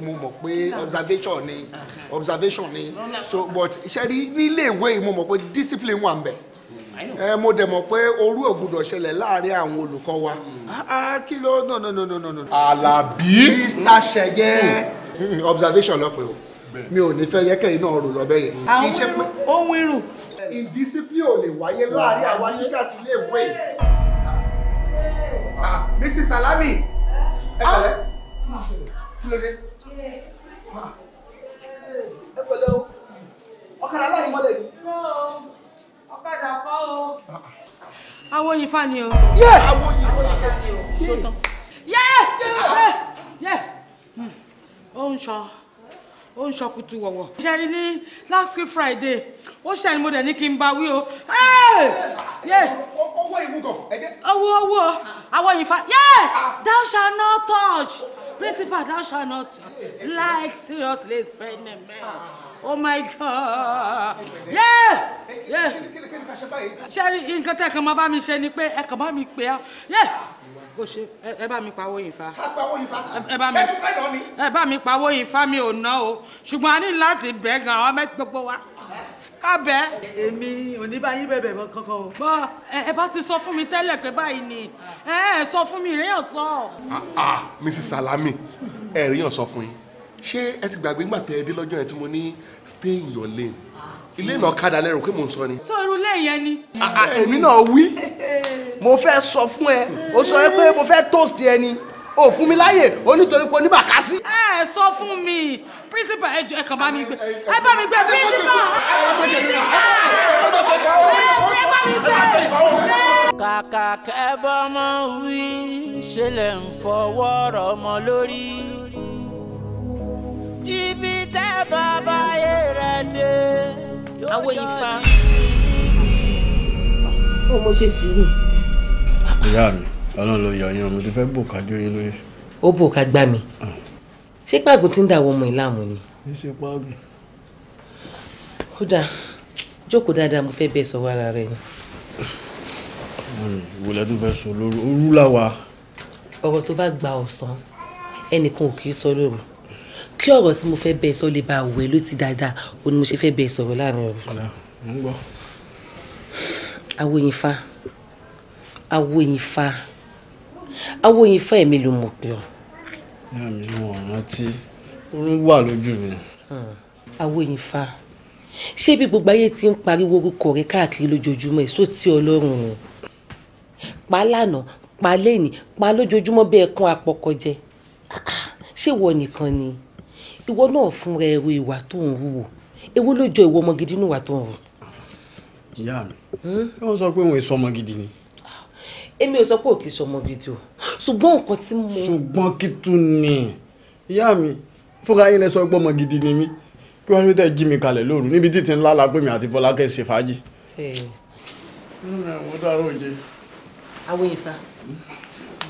Speaker 1: mo mọ̀ pé observation ni observation ni so but ṣe rí nílé ìwé mo mọ̀ pé discipline wà ń bẹ̀ ẹ mo dẹ̀ mọ̀ pé orú ò gbọ́dọ̀ ṣẹlẹ̀ láàrin àwọn olùkọ́ wa ah, ah, kí ló no no no no no. no. Àlàbí Mr. Ṣẹyẹ hmm. observation lọ pé o mi ò ní fẹ́ yẹ kẹ́yìn náà rò lọ bẹ́ẹ̀ yẹn. àwọn ohun irun indiscipline ò lè wáyé láàrin àwọn teachers ilé ìwé
Speaker 3: ah, ah,
Speaker 1: Mrs. Salami ẹ pẹ̀lẹ́
Speaker 3: ah, kí ló dé ẹ
Speaker 1: pẹ̀lẹ́ o ọ̀kadà láì mọ́lẹ̀ ni.
Speaker 4: ọ̀kadà kọ́ o. awo yin fa o. yẹ awo yin fa o. yẹ yẹ yẹ o hmm. ń sọ ó ń ṣọkùtù wọ̀wọ̀. ṣẹ́rí ní last week friday ó ṣẹ́ni mo dẹ̀ ní kí n bá wí o. owó ìwúgọ̀ ẹ̀jẹ̀. owó owó àwọn yìí fa thou shall not touch principal thou shall not touch like seriously spend them oh my god. ṣẹ́rí nǹkan tẹ̀ kàn máa bá mi ṣe ni pé ẹ kàn bá mi pè á kò ṣe ẹ bá mi pawó yìí fa. ká pawó yìí fa mi pawó yìí mi ò ná o ṣùgbọ́n a ní láti bẹ̀ẹ́ gan àwọn mẹ́tí gbogbo wa ká bẹ́ẹ̀. èmi ò ní bá yín bẹ̀bẹ̀ mọ́ kankan o. bọ́ ẹ bá ti sọ fún mi tẹ́lẹ̀ pé báyìí ni ẹ ẹ sọ fún mi ìrẹ́yàn sọ. Ah,
Speaker 1: ah, Mrs. Salami ẹ̀ríyàn sọ fún yín ṣé ẹ ti gbàgbé ńgbà tẹ ẹ dé lọ́jọ́ yẹn tí mo ní stay in your lane ilé ìnà ọ̀kadà lẹ́rù pé mò ń sọ ni. sọ irú lẹ́yìn ni. èmi náà wí mo fẹ́ sọ fún ẹ o sọ pé mo fẹ́ toast ẹ ni o fún mi láyè o nítorí pé oníbàkásí. ẹ sọ fún mi
Speaker 4: principal ẹ jọ ẹ kàn bá mi gbé ẹ bá mi gbé principal ẹ bá mi gbé. kàkà kẹ́bọ́
Speaker 2: mọ́ wí ṣe lè ń fọwọ́ rọ̀ mọ́ lórí jìbìtẹ́ bàbá yẹn rẹ̀ dé awo ifá.
Speaker 4: ó oh, mo ṣe sùúrù.
Speaker 1: ìyá mi ọlọ́run ló yọ yín ọmọ tó fẹ́ bò ká jó yín lórí. ó bò ká gbá mi ah.
Speaker 4: ṣé pàgò tí ń dàwọ ọmọ yìí láàmú ni.
Speaker 1: ní ṣe pàgò.
Speaker 4: kódà jókòó dáadáa mo fẹ́ bẹ́ẹ̀ sọ
Speaker 1: wára rẹ ni. ìwòlẹ́ tó fẹ́ sọ lóru orú làwà.
Speaker 4: ọ̀rọ̀ tó bá gba ọ̀sán ẹnìkan ò kì í sọ lóru kí ọ̀rọ̀ tí mo fẹ́ bẹ́ẹ̀ sọ lè ba àwẹ̀ ló ti dáadáa o ni mo ṣe fẹ́ bẹ́ẹ̀ sọ̀rọ̀ láàrin ọ̀rọ̀.
Speaker 1: ọ̀la mo ń gbọ́.
Speaker 4: awo yin fa awo yin awo yin fa èmi ló mọ̀
Speaker 1: pé ọ. náà mi ò rántí oorun wà lójú
Speaker 4: mi. Hmm. awo yin fa ṣé bí gbogbo ayé ti ń pariwo orúkọ rẹ káàkiri lójoojúmọ́ èso tí ọlọ́run o pa lánà pa lẹ́nì pa lójoojúmọ́ bẹ́ẹ̀ kún apọ̀kọ ṣé wọ nìkan ni. Ah, ìwọ náà fún rẹ ẹrù ìwà tó ń hùwò ewu ló jọ ìwọ ọmọ gidi níwà tó ń hù.
Speaker 1: ìyá mi ẹ hmm? wọ́n sọ pé òun èso ọmọ gidi ni. èmi ò sọ pé òkè sọmọ gidi o ṣùgbọ́n nǹkan tí mo. ṣùgbọ́n kí tún ni ìyá mi fúnra yín lẹ sọ pé ọmọ gidi ni mí kí wọ́n rí tẹ̀ jí mi kalẹ̀ lóru níbi tí ti ń lála pé mi àti Fọlákẹ́ ṣe fàájì.
Speaker 4: mo dárò oje. àwọn ìfà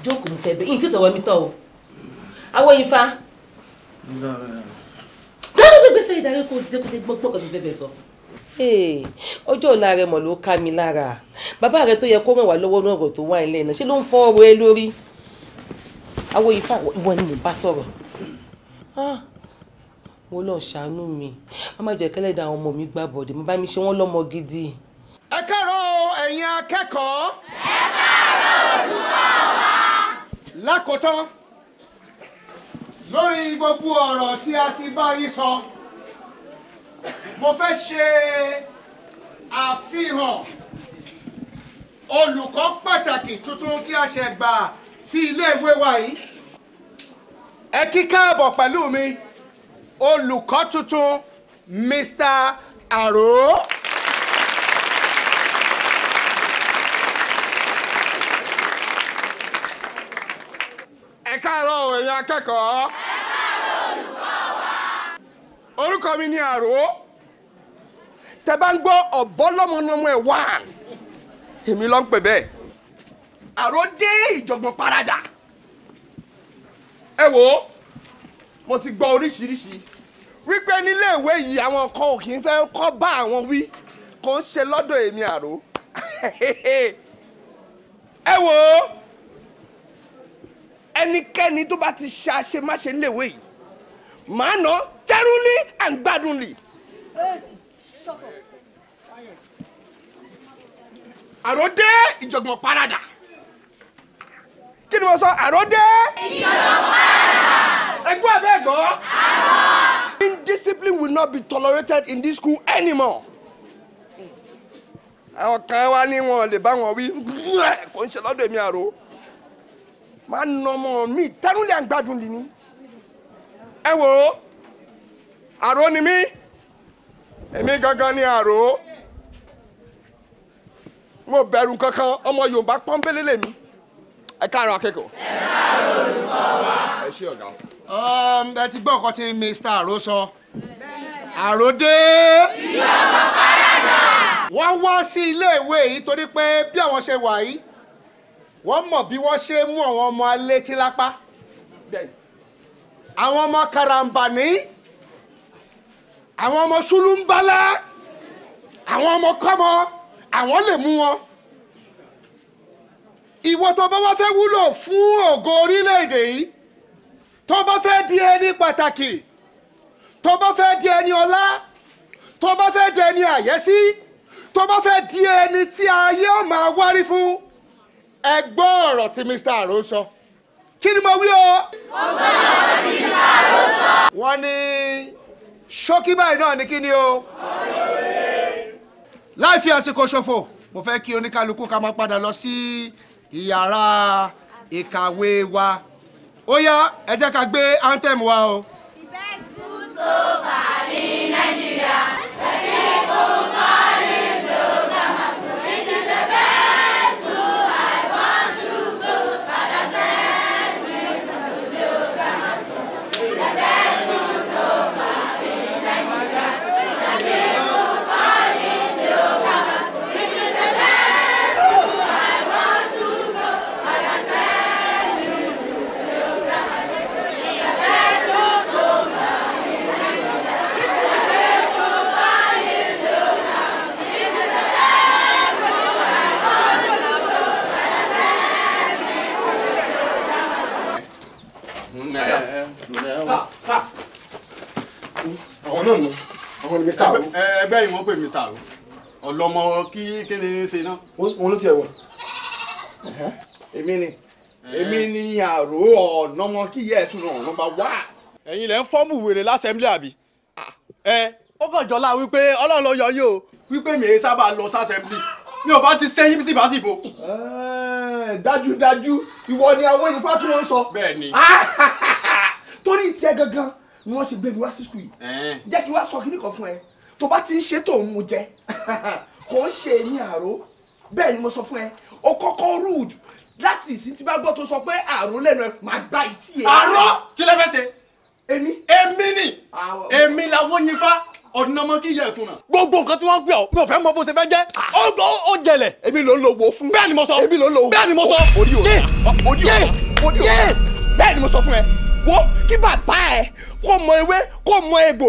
Speaker 4: jókòó fẹ́ bẹ́ẹ̀ ìyìn tí sọ̀rọ̀ mi tọ̀ o àwọn ìfà dáná gbégbèsè ìdarí kò dìde kò lè gbọ́ gbọ́kàn tó fẹ́ bẹ̀ sọ. ọjọ́ ọ̀la rẹ̀ mọ̀ ló ká mi lára bàbá rẹ̀ tó yẹ kó ràn wá lọ́wọ́ náà rò tó wá ilẹ̀ náà ṣé ló ń fọ́ ọ̀rọ̀ ẹ lórí. awo ifá ìwọ ni mò bá sọ̀rọ̀ ah, mo lọ ṣàánú mi má má jẹ́ kẹ́lẹ́ da àwọn ọmọ mi gbà bọ̀dẹ̀ mo bá mi ṣe wọ́n lọ́mọ gidi.
Speaker 3: ẹ kẹ́rọ̀ ẹ̀yin akẹ́kọ̀ọ́. ẹ kàárọ̀ olùkọ́ wa.
Speaker 1: lákòótán lórí gbogbo ọ̀rọ̀ tí a ti bá yín sọ mo fẹ́ ṣe àfihàn olùkọ́ pàtàkì tuntun tí a ṣe gbà sí iléèwé wa yìí ẹ kí káàbọ̀ pẹ̀lú mi olùkọ́ tuntun Mr. Aro. káàárọ̀ o ẹ̀yin akẹ́kọ̀ọ́. ẹ káàárọ̀ olùkọ́ wa. orúkọ mi ni àrò tẹ bá ń gbọ́ ọ̀bọ́lọ́mọnọmọ ẹ̀ wá èmi ló ń pè bẹ́ẹ̀ àrò dé ìjọ̀gbọ̀n parada ẹ wò ó mo ti gbọ́ oríṣiríṣi wípé nílé ìwé yìí àwọn kan ò kì í fẹ́ kọ́ bá àwọn wí kò ń ṣe lọ́dọ̀ èmi àrò ẹ wò ẹnikẹ́ni tó bá ti ṣe àṣemáṣe léwé yìí màá nà tẹ́rùnlé and gbádùnlé. àròdé ìjọ̀gbọ̀n parada kí ni mo sọ àròdé. ìjọ̀gbọ̀n
Speaker 3: parada.
Speaker 1: ẹgbẹ́ abẹ́ gbọ́. àrò. indiscipline will not be tolerated in this school anymore àwọn kan wá ní wọn lè bá wọn wí kò ń ṣe lọ́dọ̀ èmi àrò máa nà ọmọ mi tẹnulẹ̀ àgbàdùn lì ní. ẹ wo àrò ni mí èmi gangan ni àrò mo bẹ̀rù kankan ọmọ Yorùbá pọ́nbélé lèmi ẹ káàárọ̀ akẹ́kọ̀ọ́. ẹ káàárọ̀ olùkọ́ wa. ẹ ṣé ọ̀gá. Um, ẹ ti gbọ́ nǹkan tí Mr. Àrò sọ àròdé. ìyá
Speaker 3: ọmọ parada.
Speaker 1: wọ́n wá sí ilé ìwé yìí torí pé bí àwọn ṣe wà yìí wọ́n mọ̀ bí wọ́n ṣe mú àwọn ọmọ alétí lápá àwọn ọmọ karambani àwọn ọmọ sulúmbálá àwọn ọmọ kọ́mọ àwọn lè mú wọn ìwọ tó bá wá fẹ́ wúlò fún ògo orílẹ̀-èdè yìí tó bá fẹ́ di ẹni pàtàkì tó bá fẹ́ di ẹni ọlá tó bá fẹ́ di ẹni àyẹ́sí tó bá fẹ́ di ẹni tí ayé ó máa wárí fún ẹ gbọ́ ọ̀rọ̀ tí Mr. Aro sọ kí ni mo wí o. mo gbọ́ ọ̀rọ̀ tí Mr. Aro sọ. wọ́n ní ṣókí báyìí náà ni kí ni o. láì fi àsìkò ṣòfò mo fẹ́ kí oníkálukú ká máa padà lọ sí ìyàrá ìkàwé wa ó yá ẹ jẹ́ ká gbé anthem wa o. the best
Speaker 3: school so.
Speaker 1: àwọn náà nù àwọn ni mr aro. ẹ bẹ́ẹ̀ ni wọ́n pè mr aro ọlọmọ kí kí ni ṣe náà. wọn ló tiẹ̀ wọ̀ èmi ni èmi ni àrò ọ̀nà wọn kí yẹ ẹ̀tún náà nọ́mbà wá. ẹ̀yin lẹ́ ń fọ́ọ̀mù wèrè lásẹ̀mílẹ̀ àbí ẹ ó kàn jọlá wípé ọlọ́run ló yọ yín o wípé mi èyí sábà lọ sásẹ̀mílẹ̀ mi ò bá ti sẹ́yìn sí ìbásìbò. dájúdájú ìwọ ni àwọn ìfá tí wọ́n ń sọ. bẹ́ẹ̀ ni. Ah, torí tiẹ̀ gangan ni wọ́n ṣe gbé mi wá sí skul
Speaker 3: yìí
Speaker 1: kí wá sọ kíní kan fún ẹ tó bá ti ń ṣe tó ń mu jẹ kò ń ṣe ní àró bẹ́ẹ̀ ni mo sọ fún ẹ o kọ́kọ́ rude láti ìsìn tí bá gbọ́ tó sọ pé àró lẹ́nu ẹ máa gbá ìtì ẹ. àró kí lẹ fẹ́ ṣe. èmi. èmi ni èmi làwọn yin fa ọdún náà mọ kí iye gbogbo nǹkan tí wọ́n ń pè mi ò fẹ́ mọ bó ṣe fẹ́ jẹ́. Ah. ó gbọ́ ó jẹlẹ̀. èmi ló ń lo wo fún. bẹ́ẹ̀ ni mo sọ. èmi ló ń lo wo. bẹ́ẹ̀ ni mo sọ. orí òòlà orí òòlà orí bẹ́ẹ̀ ni mo sọ fún ẹ. wo kí bàbá ẹ kó mọ ewé kó mọ egbò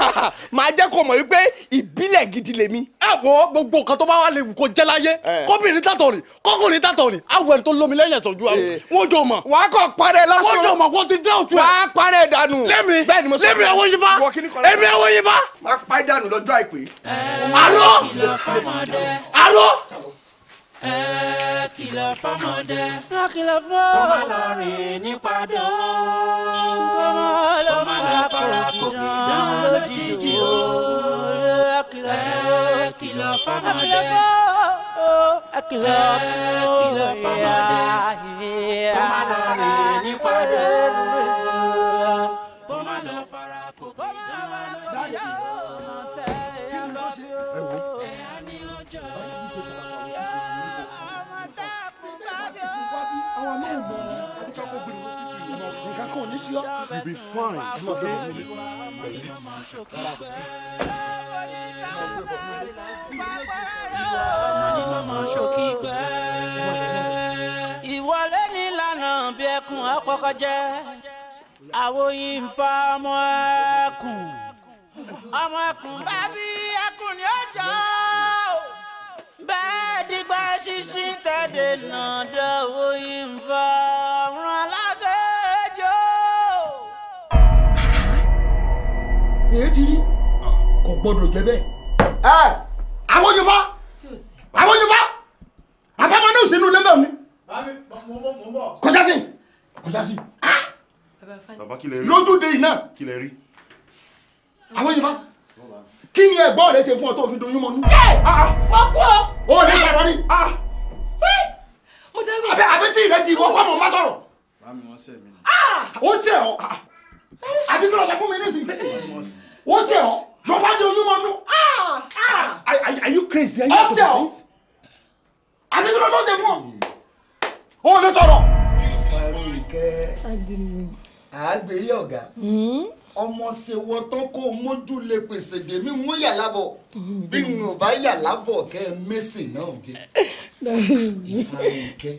Speaker 1: màá jẹ́ kó mọ̀ wípé ìbílẹ̀ gidi lèmi. ẹ wo gbogbo nǹkan tó bá wà lè wù kó jẹ́ láyé eh. kóbìnrin tàtọ̀ rìn kọkùnrin tàtọ̀ rìn àwọn ẹni tó lómi lẹ́yìn ẹ̀sán ju àwọn eh. wọn jọ mọ̀. wàá kọ parẹ lásán wọn jọ mọ̀ wọn ti dé òtún ẹ. wàá parẹ dànù. lẹ́mi lẹ́mi ẹ̀wọ̀n yín
Speaker 3: fa lẹ́mi ẹ̀wọ̀n yín fa.
Speaker 1: máa pa dànù lọ́jọ́ àìpé. àrò
Speaker 3: àrò
Speaker 2: ẹ kìlọ̀ fọmọdé kó má lọ rìn nípadà ó kó má lọ fara kókì dán lójijì ó ẹ kìlọ̀ fọmọdé ẹ kìlọ̀ fọmọdé kó lọ rìn nípadà.
Speaker 1: will be fine. I'm not
Speaker 2: going to be fine. Ìwọlé ní ìlànà bí ẹkùn ọ̀pọ̀kọ̀ jẹ́, àwòyí ń fa ọmọ ẹkùn. Ọmọ ẹkùn bá bí ẹkùn ni ó jọ dìgbà ṣíṣí tẹ̀dé náà dọ̀wọ́ yìí ń
Speaker 1: èyí ti rí kò gbọdọ̀ jẹ bẹ́ẹ̀. ẹ àwọn yorùbá àwọn yorùbá àbámọ́ náà sínú lẹ́mbẹ̀ẹ́ mi. kọjá sí kọjá sí ah! de iná àwọn yorùbá kí ni ẹ̀gbọ́n rẹ ṣe fún ọ tó fi doyún mọ́nú. Ah, ah. mo kú o. o ní sọ̀rọ̀ ni. àbẹ àbẹ tí ìrẹ di ìwọ kọ́ mọ̀ má sọ̀rọ̀. ó ṣe ọ àbí kí ló sọ fún mi nísìnyí pé ó ṣe ọ ló bá di oyún mọ́nú. Ah! Ah! are you crazy? ó ṣe ọ àbí kí ló ló ṣe fún ọ ò lè sọ̀rọ̀. àgbèrè ọ̀gá hmm? ọmọ ṣe wọ tán kó mójú lè pèsè dèmí mú yà lábọ bí n ò bá yà lábọ kẹ ẹ mẹsì náà dé ìfarahàn kẹ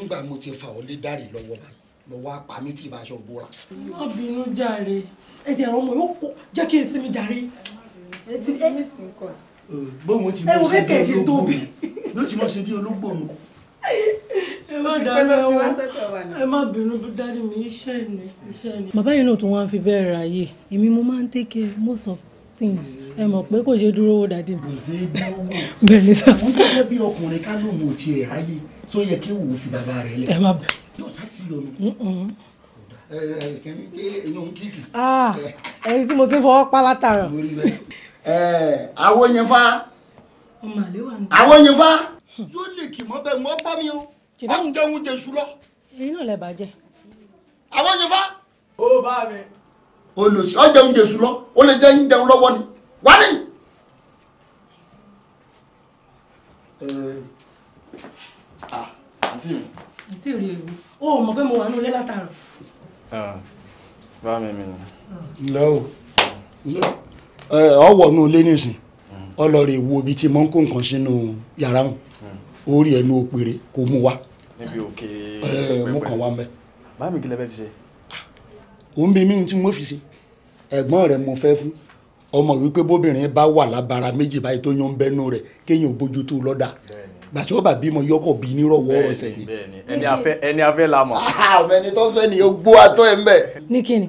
Speaker 1: ńgbà mo ti fà ọ lé dárì lọ́wọ́ báyìí lọ wá pa mí tí ìbáṣọ bóra. má
Speaker 4: bínú jàre ẹsẹ̀ ọmọ yóò kó jẹ́ kí n sinmi jàre. ẹ ti fi mí sí nǹkan.
Speaker 1: bóun ti mọ̀ ṣe bí ológbò mi ló ti mọ̀ ṣe bí ológbò mi.
Speaker 4: ẹ má dáná ẹ má bínú dárí mi iṣẹ́ ni. bàbá yìí náà tún wá ń fi bẹ́ẹ̀ ráyè èmi mo máa ń take most of things ẹ mọ̀ pé kò ṣe dúró wò dàdí mi. kò ṣe é dúró wò. bẹ́ẹ̀ ni
Speaker 1: sá. àwọn tó fẹ́ bí ọkùnrin ká lóun ò tiẹ̀ ráyè tó yẹ kí wò ó fi bàbá rẹ̀ lẹ̀. ẹ má bẹ. yóò sá sí yọnu. ẹ ẹ kẹ́ni tí èèyàn ń kíkì. ẹni tí mo ti fọwọ́ pa látara. àwọn yẹn àwọn yẹn yóò lè kì mọ́ bẹ́ẹ̀ mọ́ bá mi o. ọ̀hún jẹun jẹ sùlọ. èyí lẹ bàjẹ́. àwọn yẹn ó bá mi olùsí ọjọ oúnjẹ sùn lọ ó lè jẹ oúnjẹ lọ́wọ́ ni wá ní.
Speaker 4: àǹtí mi. àǹtí rí ewu ó mọ̀ pé mo wà ní ilé látàrọ.
Speaker 3: bá
Speaker 1: mi mi nà. ǹlẹ́ o ọwọ́ inú ilé nìsín ọlọ́ọ̀rẹ́ ìwo ibi tí mo ń kó nǹkan sínú yàrá wọn orí ẹnu òpèrè kò mú wa. níbi òkè. mo kàn wá mẹ́. bá mi kí lẹ fi ṣe ò ń bí mí tí mo fi ṣe ẹ̀gbọ́n rẹ̀ mo fẹ́ fún ọmọ wípé bóbìnrin bá wà lábara méjì báyìí tó yan bẹ́nu rẹ̀ kéèyàn ò bójú tó lọ́dà gbàtí ó bà bímọ yọkọ̀ bí nírọ̀wọ́ ọ̀rọ̀ sẹ́yìn. ẹni afẹ́ ẹni afẹ́ la mọ̀. àwọn ẹni tó fẹ́ nìyẹn gbó atọ́ ẹ̀ ń bẹ̀. ní kíni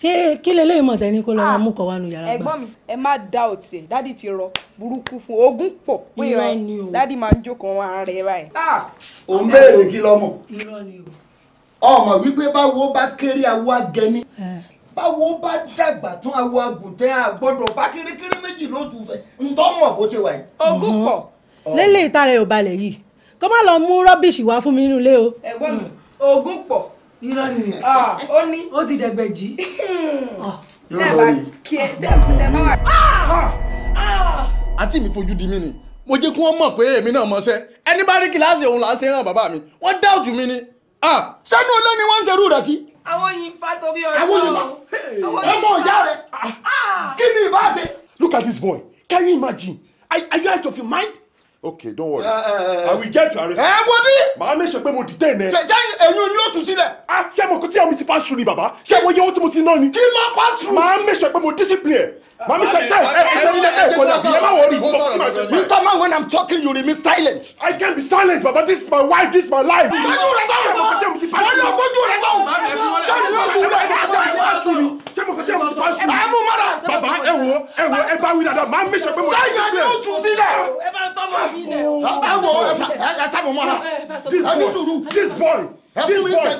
Speaker 4: ṣé kí leléyìí mọ̀ tẹ́ni kó lọ́ọ́ mú kọ́ wa nù yàrá gbà. ẹ̀gbọ́n mi ẹ má da òtí ẹ̀ dádì ti rọ burúkú fún ogún pọ̀ pé ọ dádì máa ń jókòó ara rẹ̀ báyìí. Ah! òun béèrè kí lọ́mọ. irọ́ ni o
Speaker 1: ọmọ wípé báwo bá kéré awo agẹni báwo bá dàgbà tún awo àgùntàn àgbọ́dọ̀ bá kérékéré méjì ló tún fẹ́ ntọ́mọ̀ bó ṣe wà yìí. ogún pọ̀
Speaker 4: lélẹ̀ ìta rẹ̀ ò balẹ̀ yìí kó má lọ mú rọ́bìṣì wá fún mi nínú ilé o.
Speaker 1: ẹ̀gbọ́n mi hmm. ogún pọ̀ irọ́ ni ah,
Speaker 4: ó ní ó ti dẹ̀gbẹ̀ jí. yóò lọ rí
Speaker 1: àǹtí mi fojú di mí ni mo jẹ́ kí wọ́n mọ̀ pé èmi náà mọ̀ ṣẹ́ ẹni bá rí kíláàsì òun là ń ṣe ràn bàbá mi wọ́n dáùtù mi ni. Ah, sẹ́nu olé ni wọ́n ń ṣerú rẹ̀ sí.
Speaker 4: àwọn yìí fa torí ọ̀rẹ́ àwọn
Speaker 1: yìí fa ọmọ ìyá rẹ̀ ah. kí ni ìbá ṣe. look at this boy can you imagine are, are you out of your mind. okay don't worry uh, i will get you arrested. ẹ wo bí. màá mi sọ pé mo dìde ní. sẹ́yìn ẹ̀yin ni ó tù sílẹ̀. a ah, ṣe mo kò tí àwọn mi ti pass through ni baba. ṣé mo yẹ owó tí mo ti ná ni. kí ló pass through. màá mi sọ pé mo discipline. Mami sɛ jɛ ɛ ɛ jɛ ɛ kò lọ sí ẹ má Mr Man when I'm talking you remain silent. I can't be silent but this is my wife this is my life. you do? Bójú rẹ̀ sọ̀rọ̀ wọ́n yóò bójú rẹ̀ sọ̀rọ̀. Sẹ́yìn yóò sùn lọ ẹ̀ka sẹ́yìn wá sùn mi. Ṣé mo kò jẹ́ mo bá sùn? Ẹ mú mọ́ra. Bàbá ẹ wo ẹ wo ẹ bá wí dáadáa máa ń mí sọ pé mo ti sílẹ̀. Sẹ́yìn yóò tún sílẹ̀.
Speaker 3: Ẹ bá tọ́ mọ̀
Speaker 4: mí lẹ̀. Ẹ wo ẹ sá mo mọ́ra. This boy
Speaker 1: this boy.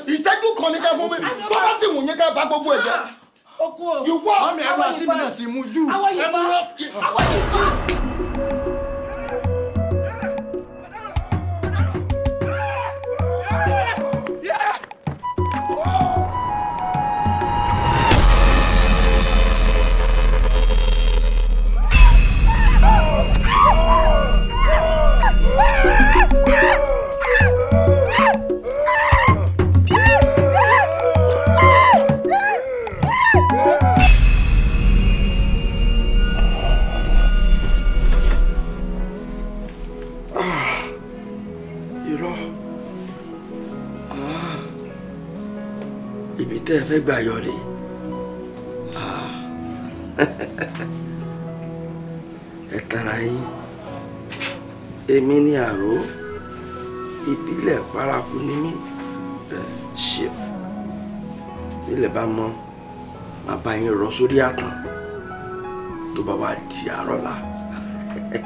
Speaker 1: Ìṣẹ́jú kan ní ká fún mi. Tó bá sì wù yín ká bá gbogbo ẹ̀ jẹ́ okú o. ìwọ ọmọ ẹ̀rọ àti mi náà ti mú jù. àwọn yìí pa àwọn tẹ́ ẹ fẹ́ gbà yọ rèé ah. ẹ tara yín èmi ni àró ìbílẹ̀ paraku ni mí ṣe ilẹ̀ bá mọ́ máa bá yín rọ sórí àtàn tó bá wá di àárọ̀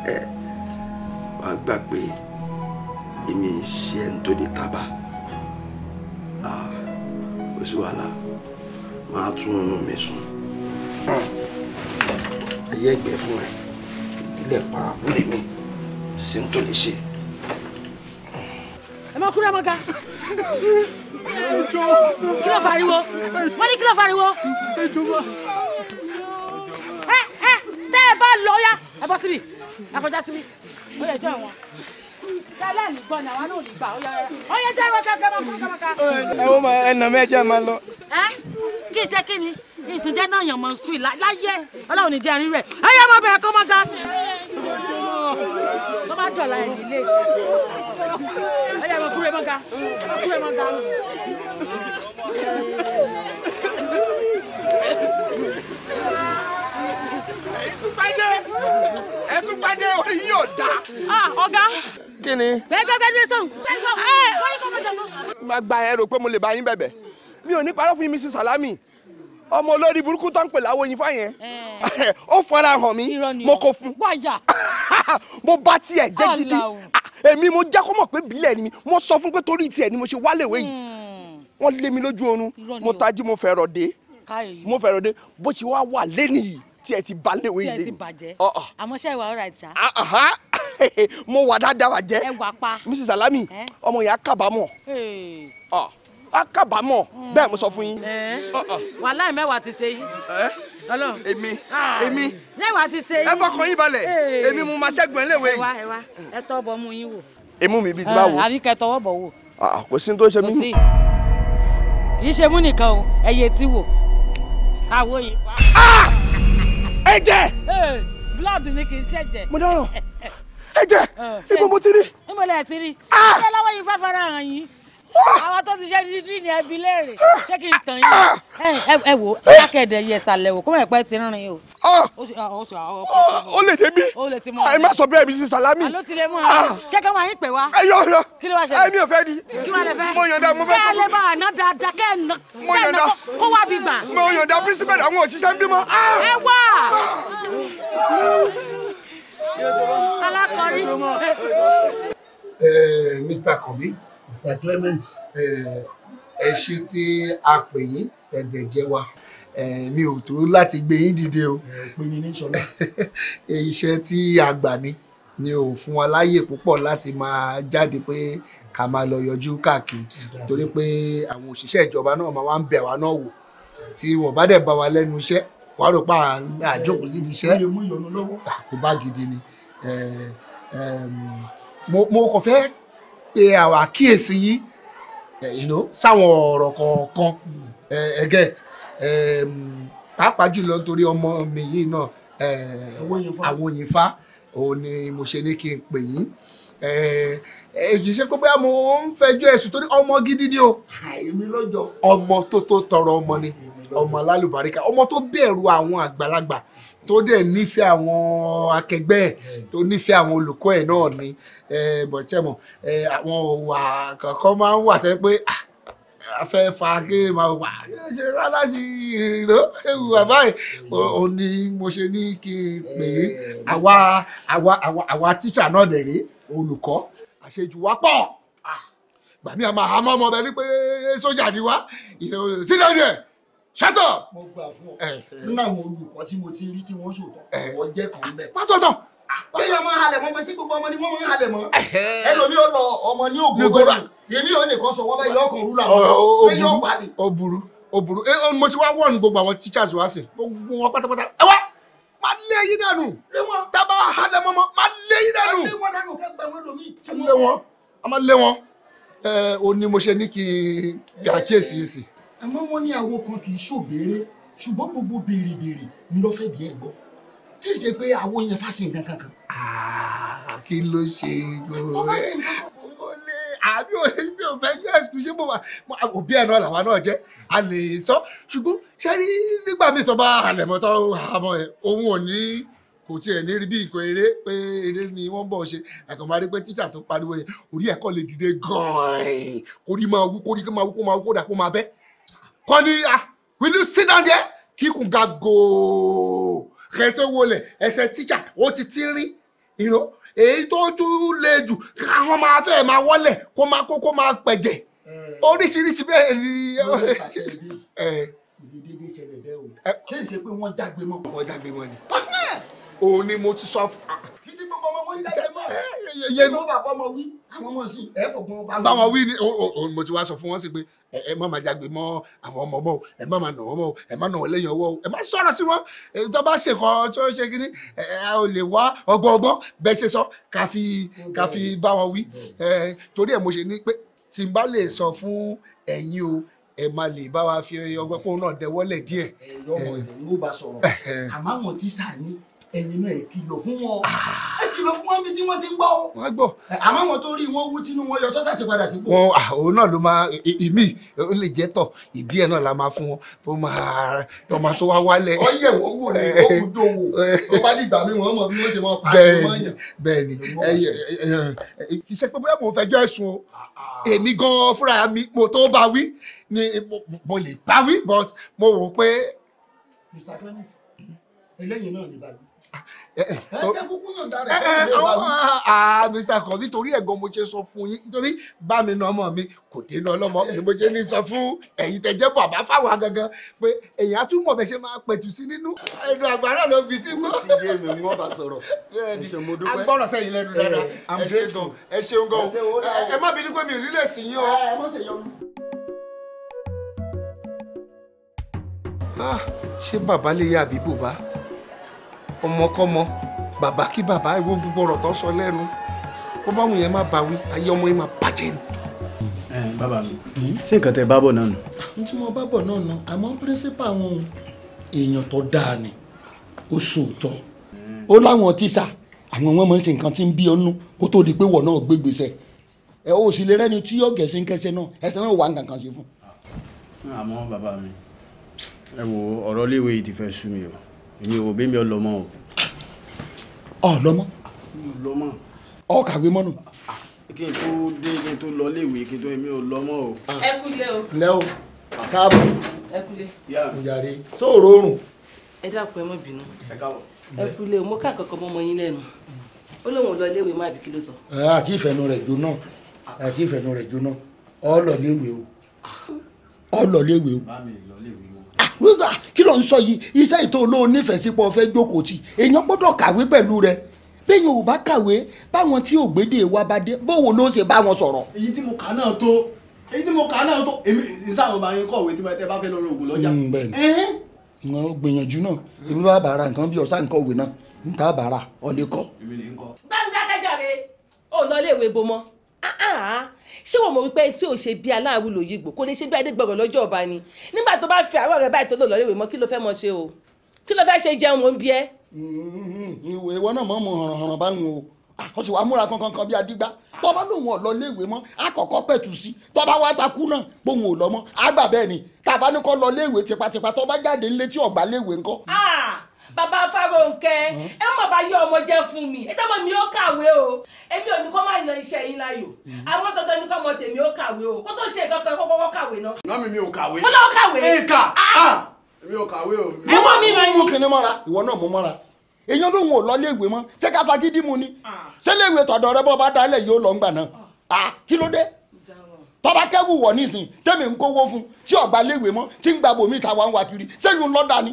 Speaker 1: wàá gbà pé èmi ṣe ẹni tó di tábà kò sí wàhálà máa tún inú mi sùn ayé ẹgbẹ́ fún ẹ ilẹ̀ parapúlé mi sí ń tó lè ṣe.
Speaker 4: ẹ máa kúrẹ́ mọ́gá kí ló fariwo wọ́n ní kí fariwo ẹ ẹ tẹ́ ẹ bá lọ ẹ bọ́ síbi ẹ kọjá síbi ó yẹ jọ ẹ̀wọ̀n ní gbọ́ máa lọ. kí iṣẹ́ kí ni ìtúnjẹ́ náà yàn mọ́ skul láyé ọlọ́run ní jẹ́ rí rẹ̀ ẹ ọmọ bẹ̀rẹ̀ kọ́ mọ́ ga. tó bá dọ̀la ẹ̀ nílé ẹ ọmọ kúrẹ́ mọ́ ga. tún
Speaker 1: pàdé ẹ tún pàdé orí yìí ò dá. ọ̀gá. kí ni. gbẹgbẹ gbẹdúrà sọhùn. má gba ẹ rò pé mo lè bá yín bẹ̀bẹ̀ mi ò ní parọ́ fún yín Mrs. Salami ọmọ olórí burúkú tó ń pè láwo yin fáyẹn ó fara hàn mí mo kò fún mo bá tiẹ̀ jẹ́ gidi ah, èmi mo jẹ́ kó mọ̀ pé bílẹ̀ ni mi mo sọ fún pé torí tiẹ̀ ni mo ṣe wálèwé yìí hmm. wọ́n lé mi lójú oorun mo tají mo fẹ̀rọ̀ dé mo fẹ̀rọ̀ dé bó ṣe wá wà lẹ́nìí tí ẹ ti ba léwe ilé mi. tí ẹ ti
Speaker 4: bàjẹ́ àmọ́ ah, ah,
Speaker 1: mo wà dáadáa wà jẹ́. mrs salami ọmọ yẹn á kábàámọ̀ á kábàámọ̀ hmm. bẹ́ẹ̀ mo sọ fún yín.
Speaker 4: wàhálà mẹ́wàá ti ṣe yín.
Speaker 1: èmi ah. èmi mẹ́wàá ti ṣe yín. ẹ fọkàn yín balẹ̀ èmi mo máa ṣẹ́gun ẹ léwe yìí. ẹ wá ẹ wá
Speaker 4: ẹ tọ́ bọ́ mú yín wò.
Speaker 5: èmú mi bíi ti bá wò. àbí kẹ tọwọ́ bọ̀ wò. kò sí ní tó ṣe mí. kì
Speaker 4: í ṣe mú nìkan o ẹ̀yẹ ti wò àwo yìí fa ẹ̀jẹ̀. blood ni kì í ṣẹ̀jẹ̀. mo dáràn ẹ̀jẹ̀ eh, ibo mo ti rí. ibo lẹ ti rí. Ah! ṣé lọ́wọ́ yìí fẹ́ fara hàn yín àwọn tó ti ṣe dídí ni ẹbí lẹ́rìn ṣé kí n tàn yín ẹ wò lákẹ́dẹ̀ yẹ ìsàlẹ̀ wò kó mọ̀ pẹ́ ti rìn o. Ah! ó lè débi ẹ má sọ bẹ́ẹ̀ bí sí salami. àló tilẹ̀ mọ́ ọ ah! ṣé kí wọ́n á yín pè wá. ẹ yọ yọ kí ló wá ṣẹlẹ̀. ẹ mi ò fẹ́ di. kí wọ́n lè fẹ́. mo yọ̀ǹda mo fẹ́ sọ. kẹ́lẹ́ bá àná dáadáa kẹ́ ẹ̀ nà kó wá bí gbà. mo yọ̀ǹda pírísípẹ̀lì àwọn òṣìṣẹ́ ń bímọ. Ah! ẹ
Speaker 3: wá alákọ̀rí.
Speaker 1: Mr. Komi. Mr. Clement ẹ ṣe tí a pè yín ẹ̀dẹ̀ jẹ́ wa mi ò tó láti gbé yín dìde o iṣẹ́ tí a gbà ni ni ò fún wa láyè púpọ̀ láti máa jáde pé ká máa lọ yọjú káàkiri torí pé àwọn òṣìṣẹ́ ìjọba náà máa wá ń bẹ̀ wá náà wò tí wọ́n bá dẹ̀ bá wa lẹ́nu iṣẹ́ wà rò pa àjókòó sí ti iṣẹ́ kò bá gidi ni mo kàn fẹ́ pé àwọn àkíyèsí yìí sáwọn ọ̀rọ̀ kọ̀ọ̀kan ẹ get pàápàá jùlọ nítorí ọmọ mi yìí náà àwọn òyìnfá òun ni mo ṣe ní kí n pè yín èyí ṣe pé bóyá mo ń fẹjọ́ ẹ̀sùn torí ọmọ gidi ni o ọmọ tó tó tọrọ ọmọ ni ọmọ alálùbáríkà ọmọ tó bẹ̀rù àwọn àgbàlagbà tó dẹ̀ nífẹ̀ẹ́ àwọn akẹgbẹ́ ẹ̀ tó nífẹ̀ẹ́ àwọn olùkọ́ ẹ̀ náà ni bọ̀tẹ́mọ̀ àwọn òwà kankan máa ń wà tẹ́ pé afẹ́ ah, fa kí máa wà ṣe aláṣì ìró ewu bàbá ẹ̀ ò ní mo ṣe ní kí n pè é àwa àwa àwa àwa tíṣà náà dẹ̀ rí olùkọ́ àṣejù wa pọ̀ ah, gbàmí àmọ́ àmọ́ ọmọ bẹ ní pé sójà ni wá sílẹ̀ ọdẹ ṣẹ́tọ̀. mo gbà fún ọ eh, eh. nínú àwọn olùkọ́ tí mo ti rí tí wọ́n sòtọ́ eh. wọ́n jẹ́ kan bẹ́ẹ̀. pásọ̀ tán. bẹ́ẹ̀ máa halẹ̀ mọ́ ọmọ sí gbogbo ọmọ ni wọ́n máa halẹ̀ mọ́. ẹlòmí ò lọ ọmọ ní ògógórà èmi ò nìkan sọ wọ́n bá yọ ọkàn rúra mọ́ ẹ̀yọ́ pàdé. ó oh, burú ó oh, burú oh, mo ti wá wọ́n gbogbo àwọn teachers wa sí gbogbo wọn pátápátá ẹ wá máa lé yín dànù dábà halẹ̀ mọ́mọ́ máa lé yín dànù. lé wọn a máa lé wọn ó ní mo ṣe ní kí àkíyèsí yìí sí àmọ́ wọ́n ní awo kan kì í ṣòbéèrè ṣùgbọ́n gbogbo bèrèbèrè ń lọ fẹ́ di ẹ̀ gbọ́ tí ì ṣe pé awo yẹn fásì nǹkan kankan. Ah, kí ló ṣe àbí òbí ò fẹ́ gbé ẹ̀sùn ṣé mo wà òbí ẹ̀ náà làwa náà jẹ́ a lè sọ ṣùgbọ́n ṣé rí nígbà míì tó bá àlẹ̀mọ́ tó àmọ́ ẹ̀ òun ò ní kò tiẹ̀ ní rí bí nǹkan eré pé eré ni wọ́n bọ̀ ṣe àkàn máa rí pé tíṣà tó pariwo yẹn orí ẹ̀kọ́ lè dìde gan-an kórí máa wú kórí máa wú kó máa wú kó dà kó máa bẹ́ kọ́ ni ah will you sit down there kíkùn ga gòó kẹ́ tó wọlé ẹsẹ̀ tíjà ó ti ti rí ìró èyí tó tún lè jù káwọn máa fẹ́ máa wọlé kó máa kó kó máa pẹ̀jẹ̀ eh. oríṣiríṣi bẹ́ẹ̀ ni. ìdílé kí n ṣe pé wọ́n jágbe mọ́. wọ́n jágbe mọ́ ni. òun ni mo ti sọ ah, bá wọn wí ni mo ti wá sọ fún wọn sí pé ẹ má máa jágbe mọ́ àwọn ọmọ ọmọ ẹ má máa nà wọn mọ́ ẹ má nà wọn lẹ́yìn ọwọ́ ẹ má sọ̀rọ̀ sí wọn tó bá ṣe kan tó ṣe kíní ẹ ò lè wá ọgbọ́n ọgbọ́n bẹ́ẹ̀ ṣe sọ ká fi ká fi bá wọn wí torí ẹ mo ṣe ní pé tí n bá lè sọ fún ẹ̀yin o ẹ má lè bá wa fi ọgbẹ́ kóun náà dẹwọ́lẹ̀ díẹ̀. ẹ yọ ọmọ ìlú ló bá sọ̀rọ̀ àmọ́ àwọn tíṣà ní ẹ̀yin náà ẹ kìlọ̀ fún wọn ah. ẹ kìlọ̀ fún wọn bí tí wọ́n ti ń gbọ́ o. wọ́n gbọ́. àmọ́ wọn tó rí wọn wú tínú wọn yọ sọ́sà ti padà sípò. wọn ah, òun náà ló máa ìmí ó lè jẹ́ tọ̀ ìdí ẹ̀ náà la máa fún wọn tó máa tó máa tó wá wálẹ̀. wọ́n yẹ̀ wọ́n wò ní òkúdó wò eh. tó bá dìgbà mi wọ́n mọ̀ bí wọ́n ṣe máa pa àwọn yẹn. bẹ́ẹ̀ni kì í ṣe pé bóyá mo fẹ́ jọ ẹ̀sùn o ah, èmi gan-an fúnra mi mo tó bá wí ni mo lè bá wí but mo rò pé. Mr. Clement eléyìí náà ní bàbá Mr. Kobi torí ẹ̀gbọ́n mo ṣe sọ fún yín nítorí bá mi na ọmọ mi kò dénú ọlọ́mọ eh, ni mo ṣe eh, ní sọ eh. fún ẹ̀yin tẹ̀jẹ́ bàbá fáwọn gangan pé ẹ̀yin á túmọ̀ bẹ́ẹ̀ ṣe máa pẹ̀tù sí nínú ẹnu àgbàrá ló fi tí mọ́. ó ti yé mi wọ́n bá sọ̀rọ̀ ẹ ṣe mo dúpẹ́. agbọ́rọ̀ sẹ́yìn lẹ́nu dáadáa ẹ ṣe gan ẹ ṣeun gan ẹ má bínú pé mi ò nílẹ̀ sí yín o. Ah, ṣé bàbá lè yá àbí bùbá? ọmọkọ́mọ bàbá kí bàbá ìwọ gbogbo ọ̀rọ̀ tó sọ lẹ́nu bó bá wùn yẹn má bawí ayé ọmọ yẹn má bàjẹ́ ni. bàbá mi ṣé nǹkan tẹ bábọ̀ náà nù. n tí mo bábọ̀ náà nù àmọ́ pírísípà wọn èèyàn tó dáa ni ó sòótọ́ ó láwọn tíṣà àwọn wọn máa ń ṣe nǹkan tí ń bí ọnú kó tó di pé wọ̀ náà gbégbèsè ẹ o sì lè rẹ́ni tí yóò gẹ̀ẹ́sì ń kẹ́sẹ̀ náà ẹsẹ̀ náà wà nǹkan kan ṣe fún. àmọ́ bàbá mi ẹ wo ọ̀rọ̀ léwe yìí ti fẹ́ sú mi o mi ò bẹ́ẹ̀ mi ò lọ́mọ o. ọ lọ́mọ. mi ò lọ́mọ. ọ kàwé mọ́nù. kí n tó dé kí n tó lọ léèwé kí n tó mi ò lọ́mọ o. Ah. ẹ kúlẹ̀ o. lẹ́ o káàbọ̀. ẹ kúlẹ̀. mo yàrá sóòrò oorun.
Speaker 4: ẹ dákun ẹ mọ bínú. ẹ káàbọ̀. ẹ o mo ká àkọ́kọ́ mọ́ ọmọ yín lẹ́nu ó lóun lọ léèwé má bìkí ló sọ.
Speaker 1: àti ìfẹ̀nu rẹ̀ jóná àti ìfẹ̀nu rẹ̀ jóná ọ lọ léèwé o ọ lọ léèwé o wíwá kí ló ń sọ yìí iṣẹ́ ìtò olóò nífẹ̀ẹ́ sí pọ̀ fẹ́ jókòó tì èèyàn gbọ́dọ̀ kàwé pẹ̀lú rẹ bẹ́ẹ̀yàn ò bá kàwé báwọn tí ògbédè wa bá dé báwo ló ṣe bá wọn sọ̀rọ̀. èyí tí mo kà náà tó èyí tí mo kà náà tó èmi ìsáwọn bá yín kọ̀wé tí ẹ bá fẹ́ lọ rọ ògùn lọ́jà. wọn mm, gbìyànjú náà èmi bá bàárà nǹkan bí ọ̀sán nǹkan òwe náà ń ta bàárà ọ̀lẹ́kọ̀.
Speaker 4: bá ń dákẹ́jà ṣé wọn mọ̀ wípé tí ò ṣe bí aláàrú lòyí gbò kò ní ṣe bí adégbọ̀rọ̀ lọ́jọ́ ọba ni nígbà tó bá fi àárọ̀ rẹ báyìí tó lò lọ́rẹ́wé mọ́ kí ló fẹ́ mọ ṣe o kí ló fẹ́ ṣe jẹun òun
Speaker 1: ìwé ìwọ náà mọ̀ mọ̀ hàn hàn bá nu o ah, ó sì wá múra kankankan bí adigba tọ́ba lòun ò lọ léèwé mọ́ àkọ́kọ́ pẹ̀tù sí tọ́ba wá takú náà bóun ò lọ mọ́ àgbà bẹ́ẹ̀ ni tàbá ní kọ́ lọ léèwé tipátipá tọ́ba jáde ńlé tí ọ̀gbà léèwé ńkọ́. Ah! Baba Fárónkẹ́ hmm? ẹ má bá yọ ọmọ jẹ́ fún mi ẹ tọ́mọ mi ó kàwé o èmi ò ní kó
Speaker 4: má yan iṣẹ́ yín láyò hmm. àwọn dandan ní kọ́mọ tèmi ó kàwé o kó tó ṣe kankan kó kọ́kọ́ kàwé náà. nọ́ọ̀mì
Speaker 1: mi ò kàwé. mo lọ kàwé. ee kà á ah. ah. mi ò kàwé o. ẹ wọ́n mi máa ń mú kinní mọ́ra ìwọ náà mú mọ́ra èèyàn lòun ò lọ léèwé mọ́ ṣé ká fagídí mu ni ah. ṣé léèwé tọ̀dọ̀ rẹ bọ́ bá dalẹ̀ yóò lọ ńgbà náà kí ló dé tọ́ba kẹ́wù wọ̀ nísìnyí tẹ́mi ń kówó fún tí ọ̀gbà léèwé mọ́ tí ń gbàgbọ́ mi ta wá ń wá kiri sẹ́yìn ńlọ́dà ni.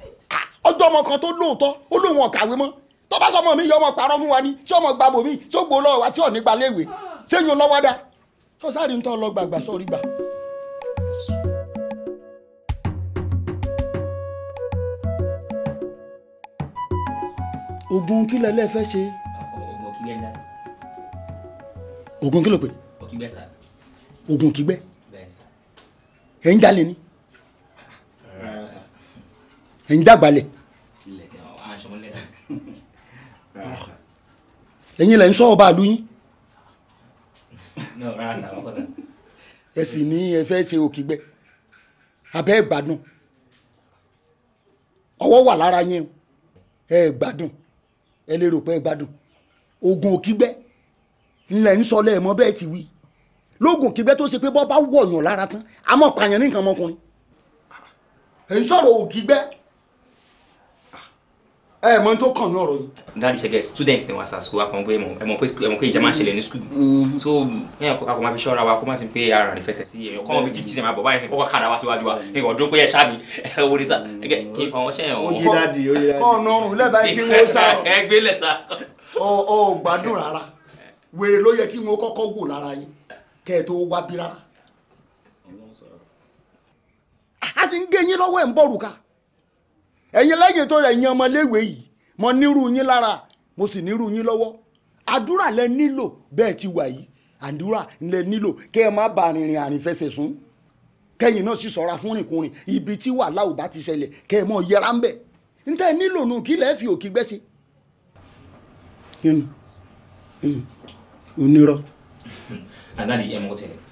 Speaker 1: ọjọ́ ọmọ kan tó lóòótọ́ ó lóun ọ̀kàwé mọ́ tó bá sọmọ mi yọ ọmọ parọ́ fún wa ni tí ọmọ gba bòmí tí ó gbó lọ́wọ́ wa tí ò ní gba léèwé séyìn lọ́wọ́ dá tó sáré ń tọ́ lọ gbàgbà sórí gbà. ogun kí lẹlẹ fẹ́ ṣe. ogun kígbẹ́ ńlá. ogun kí ló
Speaker 5: pè. ogun kígbẹ́ sá.
Speaker 1: ogun kígbẹ́. ẹ̀ ń jalè ni ẹ̀yin dàgbàlẹ̀ ẹ̀yin lẹ́yìn sọ̀rọ̀ bá a lóyún ẹ sì ní ẹ fẹ́ ṣe òkìgbẹ́ abẹ́ ìgbádùn ọwọ́ wà lára yín ẹ gbádùn ẹ lè rò pé ẹ gbádùn oògùn òkìgbẹ́ ńlẹ̀ ń sọ lẹ́ẹ̀mọ́ bẹ́ẹ̀ ti wí lóògùn òkìgbẹ́ tó ṣe pé bọ́ bá wọ̀yàn lára tán a pààyàn ní nǹkan ọmọkùnrin ẹ̀ ń sọ̀rọ̀ òkìgbẹ́ ẹ mọ tó kàn náà rọ yìí.
Speaker 5: dáàdi ṣẹgẹ student ni wọn sa school akọ pé ẹ mọ pé ẹ mọ pé ìjà máa ń ṣẹlẹ̀ ní school mm-hmm. so ẹyàn kọ akọ máa fi ṣọ́ra wa kó má sì pé ara rẹ fẹsẹ̀ sí ẹyàn kọ́ mọ bí fifty cent àbọ̀ báyìí sí kọ́kọ́ kára wá síwájú wa mm-hmm. ẹyàn ọdún pé ẹ ṣáàbì ẹ wo ni sa mm-hmm. ẹgẹ kí n fa wọn ṣẹyàn wọn. oye dáàdi oye
Speaker 1: dáàdi kọ́ ọ̀nà ọ̀run lẹ́bàá ẹgbẹ́ wọn sá
Speaker 5: ẹ gbé lẹ̀ sá.
Speaker 1: ọ ò gbádùn rárá wèrè ló yẹ kí wọn kọ́kọ́ wò lára yín kẹ́ ẹ tó wá bí rárá. a sì ń gé yín lọ́wọ́ ẹ̀ ń bọ̀rù ká ẹ̀yin lẹ́yìn tó ẹ̀yin ọmọléèwé yìí mo nírú yín lára mo sì nírú yín lọ́wọ́ àdúrà lẹ nílò bẹ́ẹ̀ ti wà yìí àdúrà lẹ nílò kẹ́ ẹ má ba rìnrìn àrìnfẹsẹ̀ kẹ́yìn náà sì ṣọ́ra fún rìnkùnrin ibi tí wàhálà ò bá ti ṣẹlẹ̀ kẹ́ ẹ mọ̀ yẹra ń bẹ̀ nílò nù kí fi òkè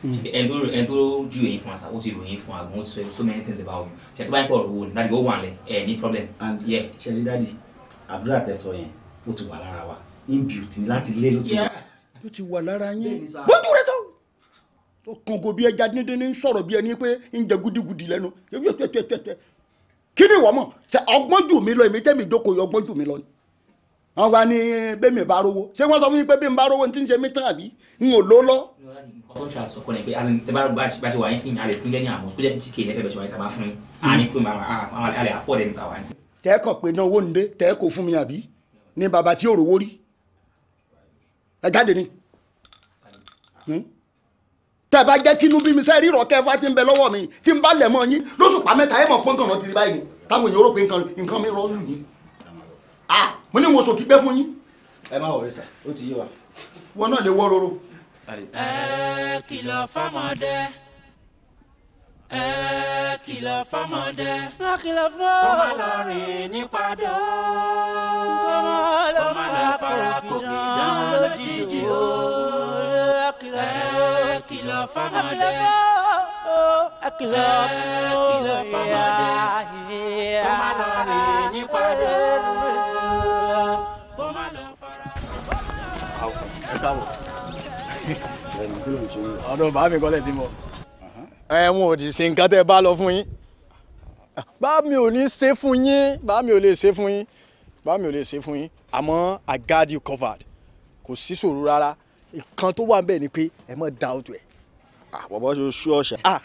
Speaker 5: Mm. ẹni tó ju èyí fún wa sa ó ti ròyìn fún wa gan so many things about you She tó bá for pọ̀ That go one le. wà lẹ̀ ẹ ní problem. and ṣe rí dadi àdúrà tẹ̀sọ yẹn ó ti wa. lára wa in beauty láti lé ló ti wà.
Speaker 1: ló ti wà lára yín bójú rẹ sọ tó kàngo bí ẹja dídín ní sọ̀rọ̀ bí ẹni pé ń jẹ gudigudi lẹ́nu kí ni ìwọ Kini ṣe ọgbọ́n jù mí lọ èmi tẹ́mi ìjókòó yọ ọgbọ́n jù mí lọ ni wọ́n wá ní bẹ́ẹ̀mì bá rówó ṣé wọ́n sọ fún yín pé bẹ́ẹ̀mì bá rówó ti ń ṣe mí tán àbí n ò ló lọ.
Speaker 5: kọ́ńtà sọ fún ẹ pé tẹ bá bá ṣe wà yín sí alẹ́ fún lẹ́yìn àmọ́ tó jẹ́ fifty k lẹ́fẹ̀ẹ́ bẹ̀ ṣe wà yín sábà fún yín àní pé alẹ́ àpọ̀ rẹ̀ níta wà yín sí.
Speaker 1: tẹ́ kọ̀ pé náà owó nìde tẹ́ kò fún mi àbí ni bàbá tí òrò wó rí ẹ jáde ni tẹ́ bá jẹ́ kínú bí mi sẹ́ rírọ̀ kẹ́ fà ti ń bẹ lọ́wọ́ mi tí ń bá lẹ̀ mọ́ yín lóṣù pàmẹ́ta ẹ̀ mọ̀ pọ́ńtàn náà kiri báyìí táwọn èèyàn rò pé nǹkan mi rọ́ lù ah mo ní mo sọ kígbẹ́ fún yín.
Speaker 5: ẹ má wọrí sà ó ti yé wa.
Speaker 1: wọn náà lè wọ roro. ẹ kìlọ̀ fọ́mọdé
Speaker 2: ẹ kìlọ̀ fọ́mọdé má kìlọ̀ fún ọ. kó má lọ rìn nípadà kó má lọ fara kòkè dán lójijì o ẹ kìlọ̀ fọ́mọdé ẹ kìlọ̀ fọ́mọdé lọ rìn nípadà.
Speaker 3: ẹ káàbọ̀
Speaker 1: ọ̀dọ̀ bá mi kọ́lẹ̀ tí mo. ẹ̀wọ̀n ò dì sí nǹkan tẹ́ bá lọ fún yín bá mi ò ní ṣe fún yín bá mi ò lè ṣe fún yín bá mi ò lè ṣe fún yín àmọ́ I got you covered kò sí ṣòro rárá nǹkan tó wà ń bẹ̀ ni pé ẹ má doubt ẹ̀. Ah, bàbá ṣe ṣú ọ̀ṣà. Ah,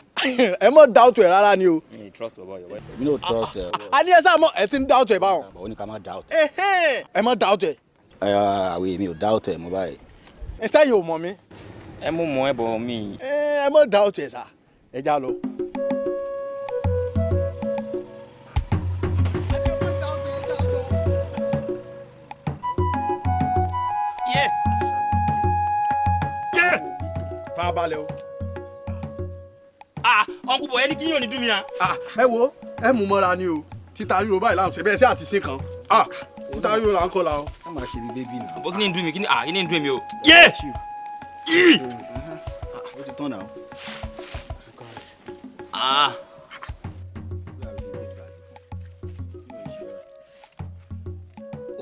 Speaker 1: ẹ má doubt ẹ̀ rárá ni o.
Speaker 5: mi ò trust bàbá yọ̀ wẹ́. mi ò trust ẹ̀.
Speaker 1: a ní ẹ sáà mọ ẹ ti ń doubt ẹ̀ báwọn.
Speaker 5: ẹ̀. ẹ má ẹ sẹ́yìn ò mọ̀ mi. ẹ mú mọ ẹbọ mi.
Speaker 1: ẹ mọ̀ dá ọ̀tún ẹ̀ sà ẹ já lọ.
Speaker 5: fa balẹ̀ o. ọkùnrin bọ̀ ẹni kí yóò ní dùn mí na.
Speaker 1: ẹ wo ẹ mú mọ́ra ni o títa ríro báyìí láwọn ṣe bẹ́ẹ̀ sí àti ṣe kan dárí ọ̀la ń kọ́ la o.
Speaker 5: ẹ máa ṣe ní bébí náà. bọ́ kí ni ń dùn mí kí ni ah kí ni ń dùn mí o. yé yìí. ó ti tán náà. ah.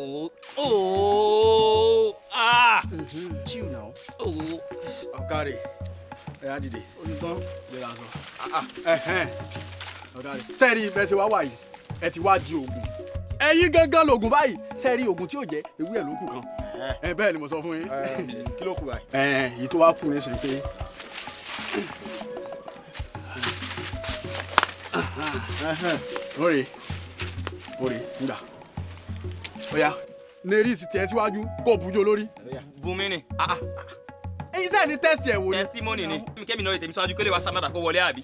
Speaker 5: Oh, oh ah. Mm-hmm. Chill
Speaker 1: now. Oh. Ọ̀gá rẹ̀ ẹ̀yà dìde. Ó ti tán yẹra sọ. Ọ̀gá rẹ̀ sẹ́ẹ̀rì ìbẹ̀sẹ̀ wá wà yìí ẹ ti wá di oògùn ẹ̀yin gangan lògùn báyìí sẹ́ẹ̀rí ògùn tí yóò jẹ́ ewé ẹ̀ ló kù kan ẹ bẹ́ẹ̀ ni mo sọ fún yín. kí ló kù báyìí. ẹ yìí tó wá kù ní sèpé.
Speaker 5: lórí lórí nígbà ọ̀ya nerisi
Speaker 1: tẹ̀ síwájú kó bujó lórí.
Speaker 5: bùnmi ni ah, ah. èyí sẹ́ẹ̀ ni tẹ́sítì ẹ̀ wò ni. tẹ́sítímọ́nì ni kẹ́mi náà yẹ tèmi sọ́jú kí lè wá sàmàtà kó wọlé àbí.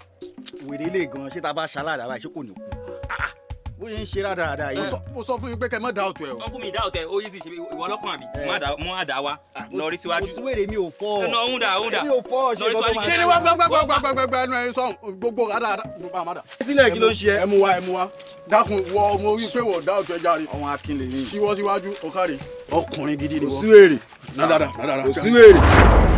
Speaker 5: wèrè ilé gan ṣé tá a bá ṣaláàdá báyìí ṣé kò ní kú.
Speaker 1: Ah, bó ṣe ń ṣe rádaràda yìí. mo sọ fún yín pé kẹ́ má dá ọ̀tún ẹ̀ o.
Speaker 5: ọkùnrin mi dá ọ̀tún ẹ̀ ó yí ṣe ìwọ ọlọ́kùnrin àbí mọ́ àdá wa lọ síwájú. mo súwèrè mi ò fọ́ ọ. ẹnu ọ̀hún dà ọ̀hún dà èmi ò kí ni wọ́n gbàgbàgbàgbàgbà
Speaker 1: ẹnu ẹ̀yin sọ̀hún gbogbo rádaràda gbogbo àmàdà. sílẹ̀ kí ló ń ṣe ẹ. ẹ mú wa ẹ mú wa dákun wọ ọmọ orí pé wọ́n dá ọ̀tún ẹ járe. ọmọ akin lè síwọ́ síwájú ọkàrẹ̀ ọkùnrin gidi ni wọ́n. kò síwèrè.
Speaker 3: rádaràda kò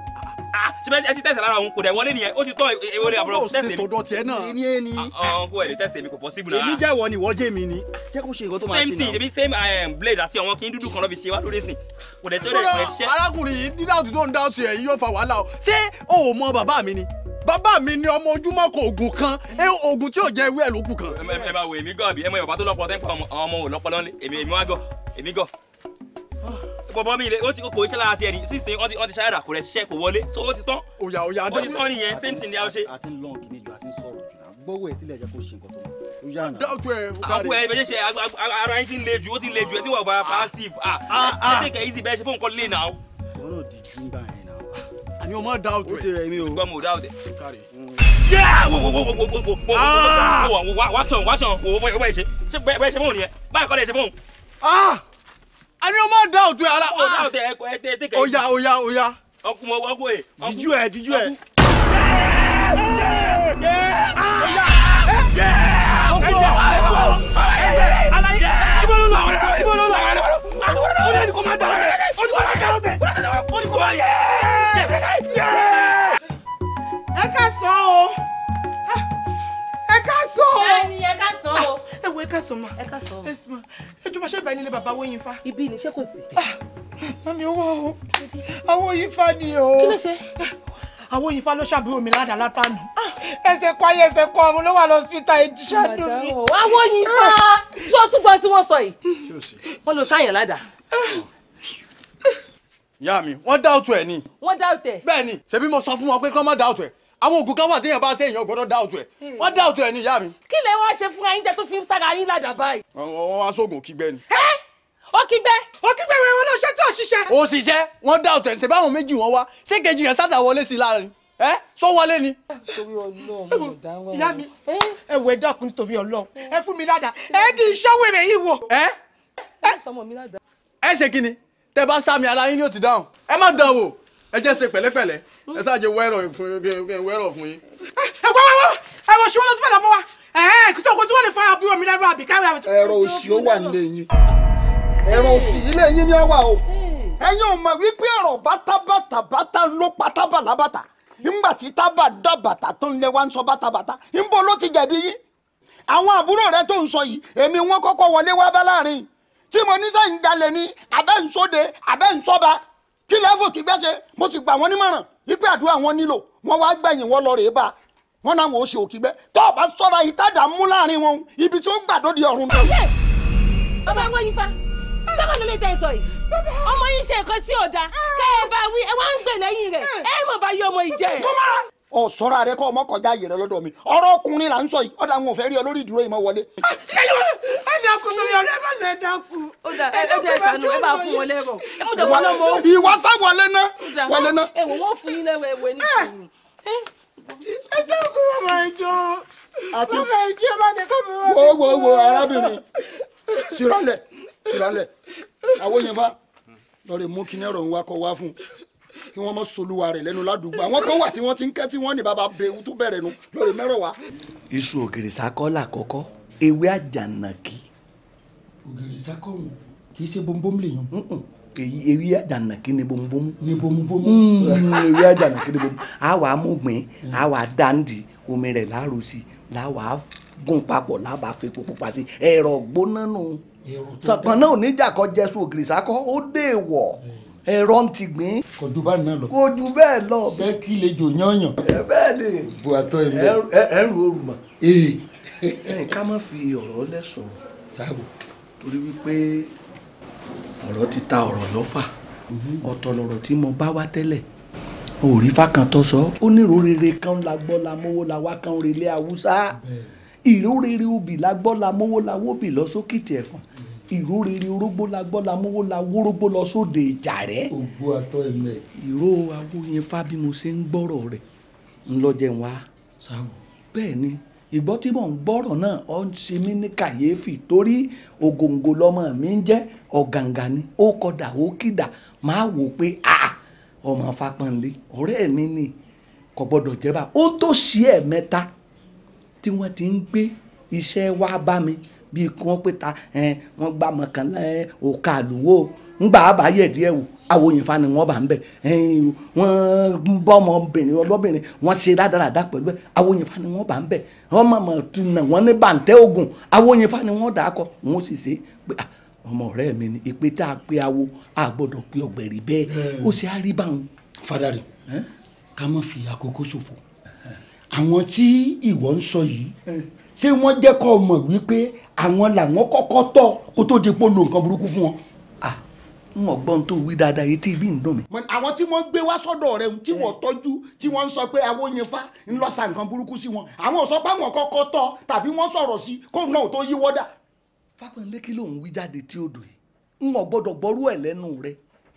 Speaker 5: ṣe ẹ ti tẹ̀sẹ̀ lára òun kò dẹ̀ wọlé nìyẹn ó ti tọ́ ewé e-, rẹ̀ àbúrò tẹ̀sẹ̀ mi. tọ́dọ̀
Speaker 1: tiẹ̀ náà ni ẹ ni.
Speaker 5: ọkọ ẹ lè tẹ̀sẹ̀ mi kò possible náà. èmi ah. jẹ́
Speaker 1: ìwọ ni ìwọ jẹ́ mi ni jẹ́ kó ṣe nǹkan tó máa ṣe náà. same
Speaker 5: thing eh, same blade àti àwọn kí n dúdú kan lọ́bi ṣe wá lórí ẹ̀sìn kò dẹ̀ ṣe rẹ̀ ṣe.
Speaker 1: arákùnrin yìí dídá òtítọ́ ń dá ọ̀sẹ̀ yìí yóò fa wàhálà o ṣé o ò mọ bàbá mi ni bàbá mi ni ọmọ ojúmọ́ kò oògùn kan ẹ oògùn tí yóò jẹ ewé ẹ ló kan.
Speaker 5: ẹ bá wo èmi gọ àbí ẹ mọ ìbàbá tó lọpọ tẹ́ ọmọ òun lọpọlọ ní èmi wá gọ èmi gọ. Ah bọ̀bọ̀ mi ilẹ̀ ó ti kókò iṣẹ́ lára tiẹ̀ ní sísìn ó ti ó ti ṣáyàdà kò rẹ̀ ṣiṣẹ́ kò wọlé so o ti tán. òyà òyà dẹ́wọ́ ó ti tán nìyẹn same thing ni a ṣe. àti
Speaker 1: lọ́n kìíní jù àti sọ̀rọ̀ jù náà gbọ́wọ́ ẹ̀ tilẹ̀ jẹ́ kó ṣe nǹkan tó yà náà. dáwọ́ tó ẹ̀ ó kárí. àwọn ẹ̀bẹ̀ ṣe
Speaker 5: ara yín ti ń le jù ó ti le jù ẹ ti wà bá passive ah ẹ tẹ̀kẹ̀ easy bẹ́ẹ̀ ṣe fún nǹkan lé náà. wọn náà di jù nígbà yẹn
Speaker 1: náà. mi ò mọ dáwọ́ tó
Speaker 5: ẹ̀. ó ti mi o a ní o máa dá òtún ara. o dá òtún ẹkọ ẹ tẹ tẹkẹ. ó yá ó yá ó yá. ọkùnrin ọkọ ẹ. jíjú ẹ jíjú ẹ.
Speaker 4: ká sọ ọ́ ẹ ká sọ o. bẹ́ẹ̀ni ẹ ká sọ o. ẹ wo ẹ ká sọ ma. ẹ ká sọ o. ẹ sọ ẹ jọba ṣe bá nílé bàbá wọ̀nyí fa. ibi ni ṣé kò sí. Ah, mami owó o àwọn yìí fa ni o. kí ló ṣe. àwọn yìí fa ló ṣàbúrò mi ládàá látàánú. Ah, ẹsẹ̀ kọ́ ayé ẹsẹ̀ kọ́ ọmọ ló wà lọ́sípítà ẹ̀jú ṣàdùn
Speaker 3: mi. àwọn yìí fa
Speaker 4: ṣé o tún gbọ́ tí wọ́n sọ yìí. wọ́n lọ sáyẹn ládàá
Speaker 1: ìyá mi wọ́n dáùtù ẹ̀ ni. wọ́n dáùtù ẹ̀. bẹ́ẹ̀ ni ṣebí mo sọ fún wọn pé kí wọ́n má dáùtù ẹ̀ àwọn oògùn kan wà téèyàn bá ṣe èèyàn gbọ́dọ̀ dá òtún ẹ hmm. wọn dá òtún ẹ ní ìyá mi.
Speaker 4: kí lè wá ṣe fún ayíǹde tó fi ń sára yín ládàá báyìí.
Speaker 1: wọn wá sóògùn kígbẹ ni. ẹ ó kígbẹ. ó kígbẹ rẹ wọn náà ṣe tí ò ṣiṣẹ́. ó ṣiṣẹ́ wọn dá òtún ẹ ṣe báwọn méjì wọn wá ṣé kejì yẹn sádà wọlé sí i láàrin ẹ sọ wọlé ni.
Speaker 4: torí Ọlọ́run
Speaker 1: mo dá wọn. ìyá mi ẹ wẹ dákun nítorí Ọlọ́run ẹ fún mi ládàá ẹ di iṣẹ́ wèrè yìí wò. ẹ ẹ ṣe kí ni tẹ bá sá mi ara yín ni ó ti dáhùn ẹ má dán wò ẹ jẹ́ ṣe pẹ̀lẹ́pẹ̀lẹ́ ẹ sáà jẹ wẹ́rọ̀ fún yín wẹ́rọ̀ fún yín. ẹ wá wá wá ẹ wọ ṣíwọ́n lọ sí fẹ́lẹ̀ mọ́ wa kí sọ́kò tí wọ́n lè fa àbúrò mi lẹ́rọ àbíká ẹ̀rọ òṣì ilé yín ni ó wà o ẹ̀yin ò mọ̀ wípé ọ̀rọ̀ bátábátàbátà ló pátábà lábàtà ńgbà tí tábà dábàtà tó ń lẹ wá ń sọ bátabàtà ńbọ ló ti jẹ̀bi yín àwọn àbúrò rẹ tó ń sọ yìí èmi wọn kọ́kọ́ wọlé wá bá láàrin tí mo ní sẹ́yìn dalẹ̀ ni àbẹ́ ń sóde àbẹ́ ń sọ́ba kí lẹ́fù kí gbẹ́sẹ̀ mo sì gbà wọ́n nímọ̀ràn wípé àdúrà wọn nílò wọ́n wá gbẹ̀yìn wọn lọ é bá a wọ́n náà wọ́n ó ṣe òkígbẹ́ tó o bá sọ́ra ìtajà mú láàrin wọn ibi tí ó gbàdódì ọ̀run náà. ọba wọn yìí fa sábà ló lè tẹ sọ yìí
Speaker 4: ọmọ yìí ṣe nǹkan tí ò dáa kẹ́ ah! ẹ bá wí ẹ wá ń gbè lẹ́yìn rẹ̀ eh! ẹ mọ̀ bá yọ ọmọ ìjẹ́
Speaker 1: ọ̀sọ́ra rẹ kọ́ ọmọkọjá yẹrẹ lọ́dọ̀ mi ọ̀rọ̀ ọkùnrin là ń sọ yìí ọ̀dà àwọn òfẹ́ rí ọ lórí ìdúró yìí mọ́ wọlé. ẹ dákun torí ọ̀rẹ́ bá lẹ dákun. ó dà ẹ jẹ́ ìsànú ẹ bá fún wọn lẹ́rọ̀ ẹ mú tẹ̀wọ́ lọ́mọ. ìwọ sá wọlé ná
Speaker 4: wọlé ná. ẹ wò wọ́n fún yín lẹ́wọ̀ ẹ̀wẹ̀ ní ìsìn. Ah, ẹ dákun bàbá
Speaker 1: ìjọ bàbá ìjọ bá dé kọ́ mi
Speaker 4: wọ́n. wo wo wo arábìnrin
Speaker 1: siralẹ siralẹ àwọn yẹn fa lọ kí wọ́n mọ̀ solúwa rẹ̀ lẹ́nu ládùúgbò àwọn kan wà tí wọ́n ti ń kẹ́ tí wọ́n ní bàbá bewu tó bẹ̀rẹ̀ nu lórí mẹ́rọ̀wá. iṣu ògèrè sakọ́ làkọ́kọ́ ewé àjànàkí. ògèrè sakọ́ òun kì í ṣe bombom lèèyàn. èyí ewé àjànàkí ni bombom. ni bombom. Mm, ewé àjànàkí ni bombom. àwa amúgbìn àwa dáńdì omi rẹ̀ láàrúsì làwa gùn papọ̀ làbà fepo pupa sí ẹ̀rọ gbóná nù. sọ̀kan náà ò ní jà kọjẹ́sù ògèrè sakọ́ ó dé wọ̀. Mm ẹ̀rọ ń ti gbìn. kò ju bá náà lọ. kò ju bẹ́ẹ̀ lọ. sẹ́kì lè jò yányàn. ẹ bẹ́ẹ̀ ni. buwatọ ẹ lẹ. ẹrù orùmọ. ee. ká má fi ọ̀rọ̀ lẹ sọ̀rọ̀. sáàbù. torí wípé ọ̀rọ̀ ti ta ọ̀rọ̀ lọ́fà. Mhm. ọ̀tọ̀ lọ̀rọ̀ tí mo bá wá tẹ́lẹ̀ òrí fákàntọ́ sọ. ó ní ìrórere kan la gbọ́ la mówó la wá kan relé haúsá ìrórere obì la gbọ́ la mówó la wóbì lọ sókìtì ẹ̀fọn ìró rere orógbó la gbọ́ la mówó la wórógbó lọ sóde ìjà rẹ̀. ògbó àtọ ẹ̀mẹ́. ìró awo yẹn ń gbọ́rọ̀ rẹ̀ wá. bẹ́ẹ̀ ni ìgbọ́ tí ń gbọ́rọ̀ náà ọ ṣe mí ní kàyéfì torí ògòǹgò lọmọ mi ń jẹ́ ọ̀gàǹgà kọdà ó kìdà máa wò pé ọmọ ọ̀rẹ́ mi ni kò jẹ́ bá ó tó ṣí ẹ̀ mẹ́ta tí wọ́n ti ń gbé iṣẹ́ wá bá bíi kí wọ́n pè ta wọ́n gbà mọ̀kànlá òkà àlùwò ńgbà àbáyé díẹ̀ wò àwòyìn fa ni wọ́n bá ń bẹ̀ wọ́n ń bọ́ ọmọbìnrin ọlọ́bìnrin wọ́n ṣe rádaràdà pẹ̀lú ẹ̀ àwòyìn fa ni wọ́n bá ń bẹ̀ wọ́n mọ̀mọ́ tuna wọ́n ní bàǹtẹ́ ogun àwòyìn fa ni wọ́n dà á kọ́ wọ́n sì ṣe pé ọmọ ọ̀rẹ́ mi ni ìpè tá a pé awo a gbọ́dọ̀ pé ọgbẹ̀rì bẹ́ẹ̀ ó ṣe á rí báwọn. fadari ká má fi àkókò ṣòfò àwọn tí ìwọ ń sọ yìí ṣé wọ́n jẹ́ kó mọ̀ wípé àwọn làwọn kọ́kọ́ tọ́ kó tó di pé lo nǹkan burúkú fún wọn. n ò gbọ́n tó wí dáadáa yìí tí ibi ń dùn mí. àwọn tí wọ́n gbé wá sọ́dọ̀ rẹ tí wọ́n tọ́jú tí wọ́n ń sọ pé awóyinfa ń lọ sa nǹkan burúkú sí wọn àwọn ò sọ pé àwọn kọ́kọ́ tọ́ tàbí wọ́n sọ̀rọ̀ sí kó náà tó yí wọ́dà. fápẹ́ńlé kí ló ń wí jáde tí ó dùn yìí n ò gbọ́dọ̀ gbọ́rú ẹ̀ lẹ́nu rẹ̀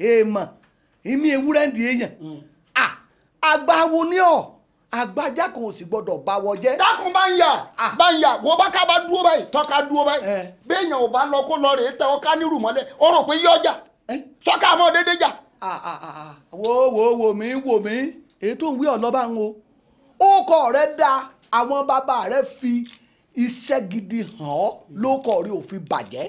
Speaker 1: èèmọ̀ ìmí ewúrẹ́ ń di èèyàn mm. àgbà ni ọ̀ agbájá kan ò sì gbọdọ̀ bá wọ jẹ́. dákun bá ń yà ah. bá ń yà wọ́n bá ká bá dúró báyìí tọ́ka dúró báyìí eh. béèyàn ò bá lọ kó lọ rèé tẹ ọká nírù mọ́lẹ̀ ó rò pé yí ọjà eh? sọ́ka mọ́ déédéé jà. wo wo wo mi wo mi èyí tó ń wí ọ̀lọ́ bá ń wo ó kọ rẹ da àwọn bàbá rẹ fi iṣẹ́ gidi hàn ọ́ ló kọ̀ rí òfin bàjẹ́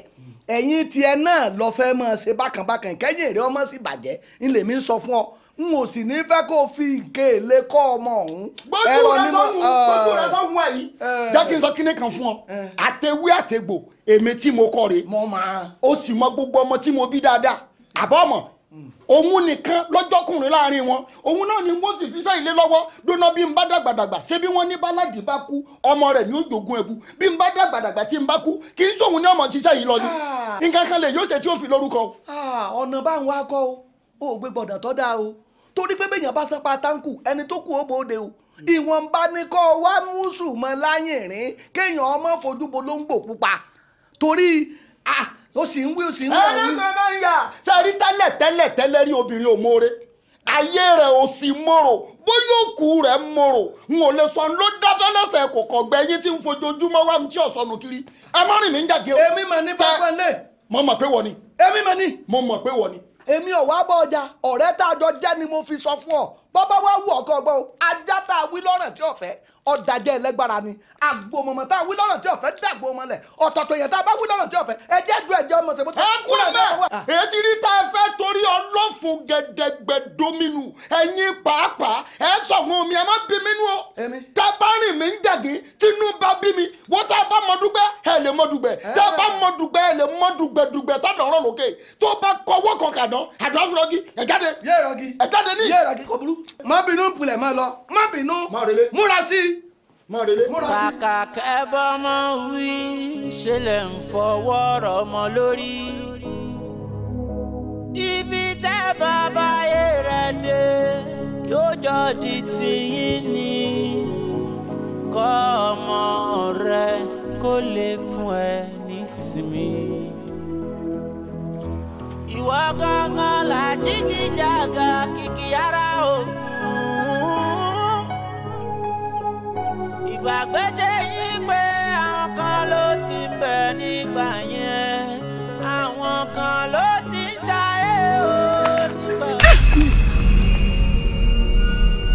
Speaker 1: ẹ̀yìn tiẹ̀ náà lọ fẹ́ mọ́ ṣe bákànbákàn kẹ́yìn èrè ọmọ sì bàjẹ́ ńlẹ̀ mi ń sọ fún ọ n ò sì ní fẹ́ kó fi nǹkan èlé kọ́ ọmọ ọ̀hún. gbójú rẹ sọ́hún gbójú rẹ sọ́hún ẹ̀ yìí. jẹ́ kí n sọ kíní kan fún ọ àtẹwé àtẹgbò èmi tí mo kọ́ rè. mo máa. o sì mọ gbogbo ọmọ tí mo bí dáadáa àbọ̀ ọmọ òun nìkan lọ́jọ́kùnrin láàrin wọn òun náà ni wọ́n sì fi iṣẹ́ ilé lọ́wọ́ dóná bí n bá dàgbàdàgbà ṣé bí wọ́n ní báládì bá kú ọmọ rẹ̀ ní ó jogún ẹ̀bù bí n bá dàgbàdàgbà tí n bá kú kì í sóhun ní ọmọ ṣiṣẹ́ yìí lọ ni ah. nǹkan kan lè yóò ṣe tí ó fi lórúkọ. Ah, ọ̀nà báwọn akọ o ò gbé gbọ̀dọ̀ tó dáa o torí pé bẹ́ẹ̀yàn bá san pa táǹkù ẹni tó kù ó bòde o ìwọ̀nba ni kọ́ wá mùsùlùmọ́ láyìnrín kéèyàn ọmọ fojú bolóńgbò pupa torí ah ó sì ń wí ó sì ń wí. ẹ ẹ ẹ máa ń yà sẹ́rí tẹ́lẹ̀ tẹ́lẹ̀ tẹ́lẹ̀ rí obìnrin òmóore ayé rẹ̀ ò sì mòrò bóyá òkú rẹ̀ mòrò n ò lè sọ ló dáfẹ́ lẹ́sẹ̀ kò kọ̀ gbẹ́yìn tí ń fojoojúmọ́ wá tí ò sọnù kiri ẹ má rìn mí ń jàgé o. èmi mà ní pápá lé. mo mọ̀ pé wọ ni. èmi mà ní. mo mọ̀ pé wọ ni èmi ò wá bọ́ ọjà ọ̀rẹ́ tá a jọ jẹ́ ni mo fi sọ fún ọ bọ́ bá wá wù ọ̀kọ́ gbọ́ ajá tá a wí lọ́rùn tí ọ̀fẹ́ ọ̀dàjẹ́ ẹlẹ́gbára ni àgbòmọ̀mọ̀ tá a wí lọ́rọ̀ tí ọ̀fẹ́ tí àgbòmọ̀ lẹ̀ ọ̀tọ̀tọ̀ yẹn tá a bá wí lọ́rọ̀ tí ọ̀fẹ́ ẹjẹ́ ju ẹjẹ́ ọmọ ṣèbó. ẹ kú ẹ èyí ti rí tá fẹ́ torí ọlọ́fun gẹ̀dẹ̀gbẹ̀ dominu ẹ̀yin pàápàá ẹ sọ̀gun omi ẹ má bí mi nú o. tá a bá rìn mí ń jàgé tínú bá bí mi wọ́n tá a bá mọ dùgbẹ́ ẹ múra sí i
Speaker 2: kàkà kẹ́bọ́ mọ́ wí ṣe lè ń fọwọ́ rọ̀ mọ́ lórí. ibi tẹ́ bàbá yé rẹ̀ dé yóò jọ di tìyín ni kọ́ ọmọ rẹ kó lè fún ẹ nísìmí. ìwọ gángan làjíjì jàgà kìkì yàrá o. gbàgbé ṣe yín pé àwọn kan ló ti bẹ̀ nígbà yẹn àwọn kan ló ti ṣayé o nígbà.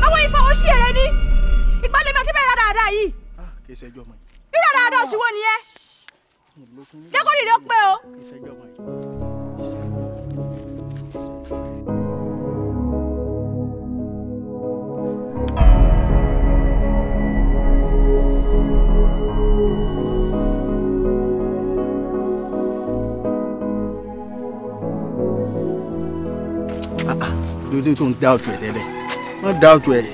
Speaker 1: àwọn
Speaker 4: ìfọwọ́ sí èrè ni ìpàdé mi àti bẹ́ẹ̀ rádaràda yìí.
Speaker 1: Ah, kì í ṣe ẹjọ́ ọmọ yìí.
Speaker 4: bí rádaràda òṣìwò nìyẹn. jẹ́ kó rírẹ́ pé o. kì í ṣe ẹjọ́ ọmọ yìí.
Speaker 1: lórí tó ń dá òtún ẹ̀ tẹ́lẹ̀ wọ́n dá òtún ẹ̀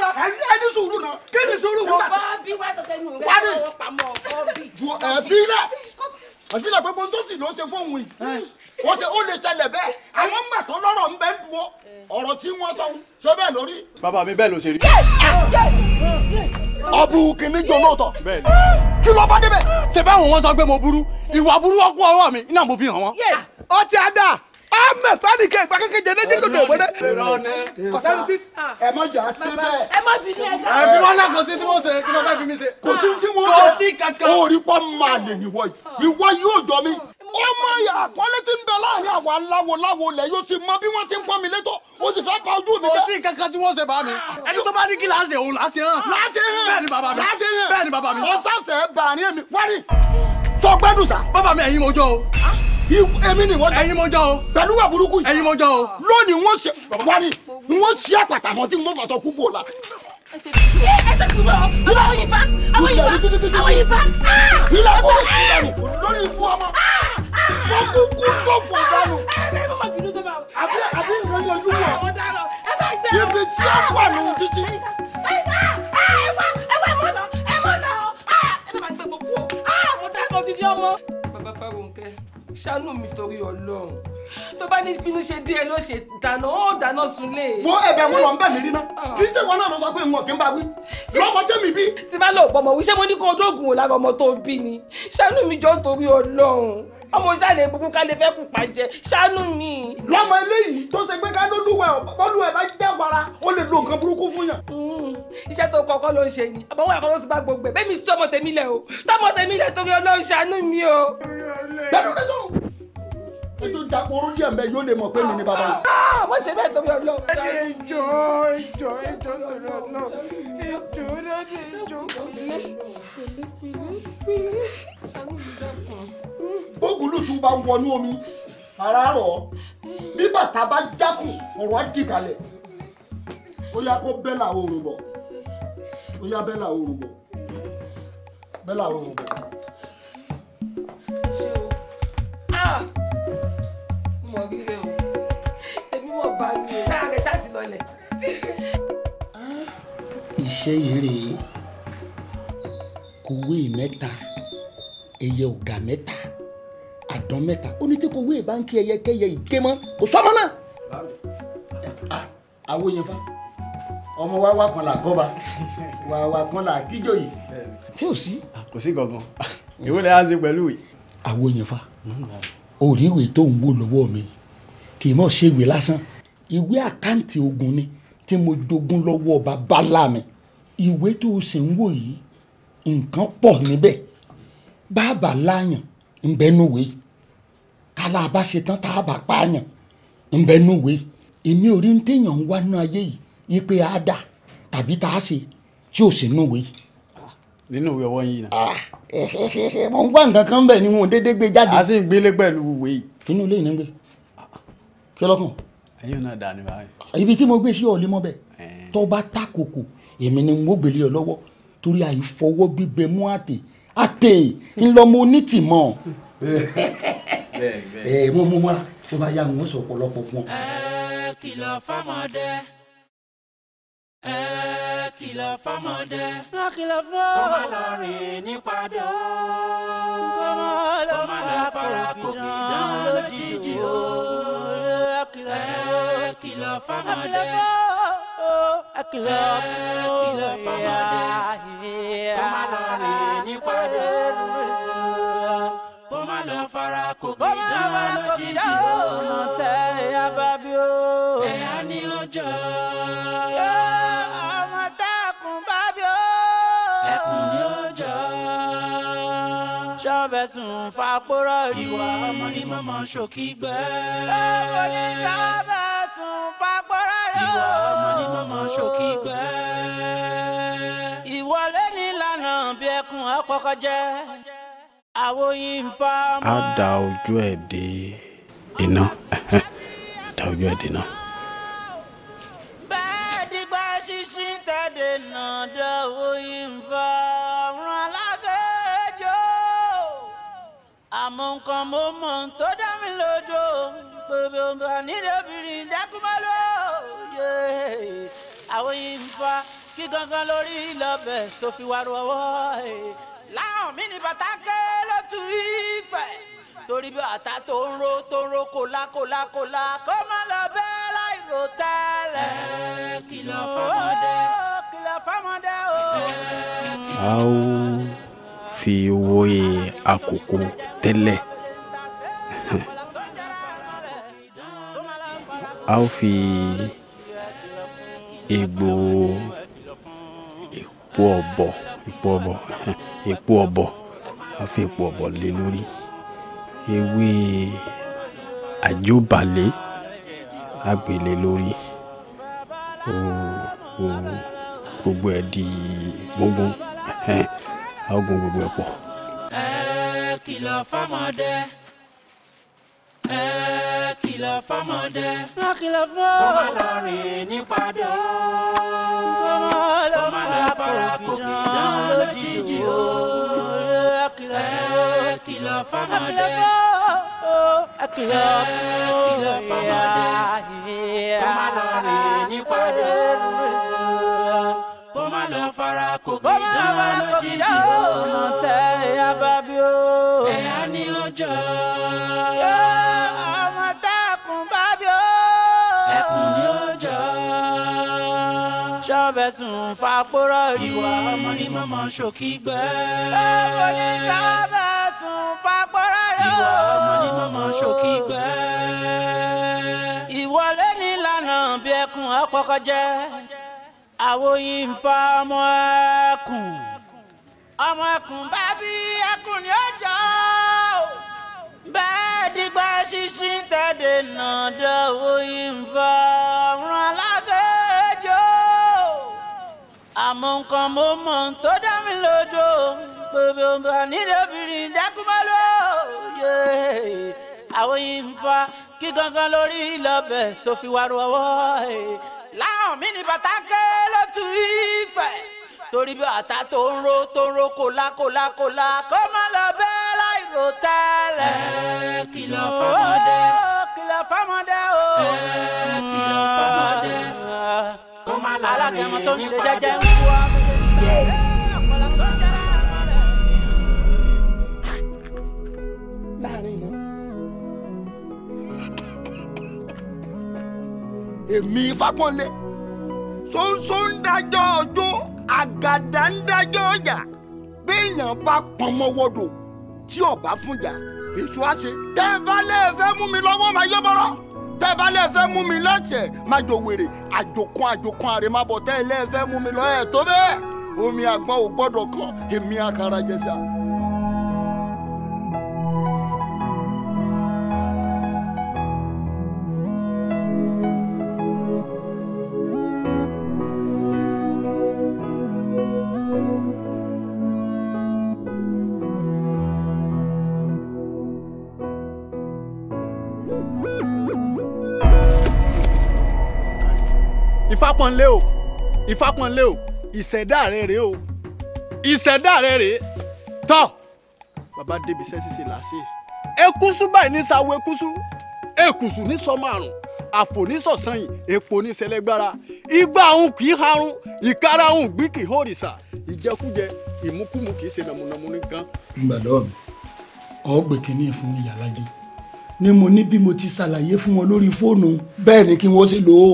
Speaker 1: lágbára ẹni sùúrù náà kí ni sùúrù wọn. bọ́ọ̀bì
Speaker 4: wá tọ́tẹ́ nù rẹ̀ lọ́wọ́ pamọ́
Speaker 1: bọ́ọ̀bì. ẹ̀fílẹ̀ àfihàn pé bó amẹ sani kẹ ìgbà kékeré jẹnẹ jẹ lọdọ ògbọdẹ. kọsẹni tí ẹ má jọ àti bẹ́ẹ̀. ẹ má bí ní ẹja. ẹ fi wọn náà kò sí tí wọn ṣe kí ló bá fi mi ṣe. kò sí tí wọn ṣe. kò sí kankan. o rí pọ́ máa lè níwọ yìí ah. ìwọ yóò jọ mi. ó mọ àpọ́nlé tí ń bẹ láàrin àwọn aláwo láwo lẹ̀ yóò sì mọ bí wọ́n ti ń pọ́n mi létò o sì fẹ́ pa ojú mi. kò sí kankan tí wọ́n ṣe bá mi. Ah. ẹni tó bá ní kí láṣẹ òun láṣẹ hàn. láṣẹ hàn bẹ́ẹ̀ ni bàbá mi. láṣẹ hàn bẹ́ẹ̀ ni bàbá mi. ọ̀sán sẹ́ẹ̀ bàárín mi. wárí sọgbẹ́dùsà. bàbá mi ẹ̀yin mojó o. Ah èmi ni wọ́n jọ. ẹyin mo jọ o. pẹ̀lú wà burúkú yìí. ẹyin mo jọ o. lónìí wọ́n ṣe wá ní wọ́n ṣe àpàtà mọ́ tí wọ́n fàṣọ kú bò la.
Speaker 3: ẹ ṣe kúrò àwọn yìí fa
Speaker 1: àwọn yìí fa àwọn yìí fa.
Speaker 3: ilé ọkọ mi ti dànù lórí ikú ọmọ. mo kú kú sófò dànù. àbí àbí ìròyìn ojú wọ. ibi tí a kú àmì títí.
Speaker 4: ẹ wá ẹ wá ẹ mọ̀ lọ ẹ mọ̀ lọ. ẹ má gbẹ gbogbo ọmọ ṣàánú mi torí Ọlọ́run tó bá ní bínú ṣe díẹ̀ ló ṣe dáná ó dáná sunlé. wo ẹ̀bẹ̀ wọn lọ ń bẹ mí rí náà ah. kì í ṣe wọn náà lọ sọ pé nǹkan kì í bá wí lọmọ tẹmí bí. tí bá lọ bọmọ wí mo ní kó o dóògùn wò lára ọmọ tó bí ni ṣàánú mi jọ torí Ọlọ́run ọmọ ìsàlẹ̀ ìbùkún ká lè fẹ́ kù pàjẹ́ ṣàánú mi. lọ́mọ eléyìí tó ṣe pé ká ló lúwẹ̀ bọ́lúwẹ̀ bá jáfara ó lè lo nǹkan burúkú fún yàn. Hmm. iṣẹ́ tó kọ́kọ́ ló ń ṣe ni àbáwọ̀ àkọ́ ló ti bá gbogbo ẹ̀ bẹ́ẹ̀ mi tọmọ tèmi lẹ̀ o tọmọ
Speaker 1: tèmi lẹ̀ torí Ọlọ́run ṣàánú mi o. bẹ́ẹ̀ ló dé sọ́run ẹ tó jàporó díẹ̀ mbẹ́ yóò lè mọ̀ pé mi ni bàbá yìí. wọ́n ṣe bẹ́ẹ̀ tóbi ọlọ́.
Speaker 3: ìjọ ìjọ ìjọ tòrò lọ ìjọ lọ́dẹ ìjọ pẹ̀lẹ́ pẹ̀lẹ́ pẹ̀lẹ́ pẹ̀lẹ́ sanu mi dẹ́kun.
Speaker 1: bógúlù tún bá wọnú omi ara rọ̀ bí bàtà bá jákùn ọ̀rọ̀ á dì kalẹ̀ ó yá kó bẹ́là oòrùn bọ̀ ó yá bẹ́là oòrùn bọ̀ bẹ́là oòrùn bọ̀. ṣé o
Speaker 4: mọ rírẹ o èmi mọ̀ bá mi o láàárẹ̀ ṣáàtì lọlẹ̀.
Speaker 1: iṣẹ́ yìí rèé kòwé mẹ́ta ẹyẹ ọ̀gá mẹ́ta àdán mẹ́ta ó ní tí kòwé báńkì ẹyẹkẹyẹ ìké mọ́ kò sọ́mọ́ náà. àwo yẹn fa ọmọ wa wá kan là kọ́ba wà wá kan là kíjòyè. ṣé o sí. kò sí gangan ìwé lè á ṣe pẹ̀lú. àwo yẹn fa orí tó ń wò lọ́wọ́ mi kì í mọ̀ ṣe lásán ìwé àkáǹtì ogun ni tí mo jogún lọ́wọ́ babalá mi ìwé tó o sì ń wò yìí nǹkan pọ̀ níbẹ̀ bàbá láàyàn ńbẹ́nuwé kálá bá ṣe tán tá a bá pààyàn ńbẹ́nuwé èmi ò rí ní téèyàn ń wá ní ayé yìí yí pé a dà tàbí tá a ṣe tí ò sí núwèé nínú ìwé ọwọ́ yìí náà. Ah, eh, mo ń gbá nǹkan kan bẹ́ẹ̀ ni wọn dédé gbé jáde. a sì ń gbélé pẹ̀lú ìwé yìí. nínú ilé yìí ni ń gbé kí ọlọ́kàn. ẹyin náà dà ní báyìí. ibi tí mo gbé sí ọ̀lẹ́ mọ́ bẹ́ẹ̀ tó bá takòkò èmi ni mo gbélé ọ lọ́wọ́ torí àìfọwọ́ gbígbẹ mú mo. àtè ńlọmọ onítìmọ̀. bẹ́ẹ̀ bẹ́ẹ̀ eh, mo mú mọ́ra tó bá yá wọn sọ ọ̀pọ̀lọpọ̀ fún ọ. ẹ
Speaker 2: kìlọ̀ fámọdé ẹ kìlọ̀ fọmọdé. má kìlọ̀ fún ọ. kó má lọ rìn nípadà o. kó má lọ fara kókì dán lójijì o. ẹ kìlọ̀ fọmọdé. ẹ kìlọ̀ fọmọdé. kó má lọ rìn nípadà o. kó má lọ fara kókì dán lójijì o. ọ̀nà tẹ̀ ẹ̀yà bàbí o. ẹ̀yà ní ọjọ́. mọ̀bẹ sùn fa kúrọ̀ rí. ìwà ọmọ ni mọ̀mọ́ ṣòkì gbẹ́. ọmọ ni mọ̀bẹ sùn fa kúrọ̀ rí. ìwà ọmọ ni mọ̀mọ́ ṣòkì gbẹ́. ìwọ lé ní bí ẹkùn ọkọkọ jẹ àwọn yìí ń fa ọmọ. a
Speaker 1: da ojú ẹ̀ dé iná da ojú ẹ̀ dé iná.
Speaker 2: bẹ́ẹ̀ dìgbà ṣíṣí tẹ̀dé náà dá òyìnbá. àmọ́ nǹkan mo mọ̀ tó dá mi lójú gbogbo ọba nídébìrin dákúmọ́ lóye àwọn yìí ń fa kí gangan lórí lọ́bẹ̀ tó fi wá rọwọ́ láwọn mi ní bàtà ké lótú ìfẹ́ torí bí àtà tó ń ro tó ń ro kòlá kòlá kòlá kó má lọ bẹ́ẹ̀ láì rò tẹ́lẹ̀. ẹ kìlọ̀ fọmọdé. kìlọ̀ fọmọdé
Speaker 3: o. àwọn fi owó
Speaker 1: àkókò tẹ́lẹ̀ a ó fi egbò epo ọ̀bọ̀ epo ọ̀bọ̀ epo ọ̀bọ̀ a fi epo ọ̀bọ̀ lé lórí ewé àjọbalẹ̀
Speaker 5: àgbélé lórí o o gbogbo ẹ̀ di gbogbo àgùn gbogbo ẹ̀ pọ̀.
Speaker 2: ẹ kìlọ̀ fọmọdé ẹ kìlọ̀ fọmọdé má kìlọ̀ fún ọ. kó má rìn nípadà kó má fara kókè dán lójijì o ẹ kìlọ̀ fọmọdé kìlọ̀ fọmọdé kó má lọ rìn má lọ fara kòkè dáwà lójijì o. ọ̀nà tẹ ẹ̀yà bábí o. ẹ̀yà ni ó jọ. ọmọ tá a o. ẹkùn ni ó jọ. ṣọ́ọ̀bẹ sùn rí. ìwà ọmọ ni mọ̀mọ́ ṣòkí gbẹ́. ọmọ ní ṣọ́ọ̀bẹ sùn fàkúrọ̀
Speaker 3: rí. ìwà ọmọ ni mọ̀mọ́ ṣòkí gbẹ́.
Speaker 2: ìwọlé ní ìlànà bí ẹkùn ọ̀pọ̀kọ jẹ́ àwòyìn fa ọmọ ẹkùn ọmọ ẹkùn bá bí ẹkùn ní ọjọ́ bẹ́ẹ̀ dìgbà ṣíṣí tẹ̀dé náà dẹ̀wọ́ yìí ń fa ọ̀run alágbèjọ́ àmọ́ nǹkan mo mọ̀ tó dá mi lójú gbogbo ọba nílòbìnrin dákúmọ́lò àwọn yìí fa kí gangan lórí ilẹ̀ ọbẹ̀ tó fi wá rọwọ́ láwọn mi ní bàtà kélé tu ìfẹ́ torí bàtà tó ń ro tó ń ro kóla kóla kóla kó má lọ bẹ́ẹ̀ láì rò tẹ́lẹ̀. ẹ kìlọ̀ fọmọdé. kìlọ̀ fọmọdé o. ẹ kìlọ̀ fọmọdé. Ah. kó má lọ rìn nípa dé. alágẹmọ tó
Speaker 3: ń ṣe jẹ́jẹ́ ń wọ.
Speaker 1: èmi fagbọ́nlé ṣóńṣó ń dájọ́ ọjọ́ àgàdà ń dájọ́ ọjà béèyàn bá pọnmọ́wọ́dọ̀ tí ọba fúnjà èso á ṣe. tẹ́ ẹ bá lè fẹ́ mú mi lọ́wọ́ máa yé bọ́rọ́ tẹ́ ẹ bá lè fẹ́ mú mi lọ́sẹ̀ máa jọ wèrè àjòkan àjòkan àrèmábọ̀ tẹ́ lè fẹ́ mú mi lọ́yẹ̀ tó bẹ́ẹ̀ omi àgbọn ò gbọ́dọ̀ kan èmi àkàrà jẹ̀ṣà. ìfapọ̀nlé o ìfapọ̀nlé o ìṣẹ̀dá rẹ rèé o ìṣẹ̀dá rẹ rèé tọ́ baba débi sẹ́ ṣíṣe làṣẹ. ekusu báyìí ní sawo ekusu ekusu ní sọmọ àrùn àfò ní sọ̀sán yìí epo ní sẹlẹ́gbára igbá òun kì í harun ìkara òun gbí kì í hórìṣà ìjẹkújẹ ìmúkúmu kì í ṣe nàmúnàmú nìkan. gbàdọ́ mi ọ̀gbìn kìíní fún ìyàlájẹ ni mo ní bí mo ti ṣàlàyé fún wọn lórí fóònù bẹ́ẹ̀ ni kí wọ́n ṣe lò ó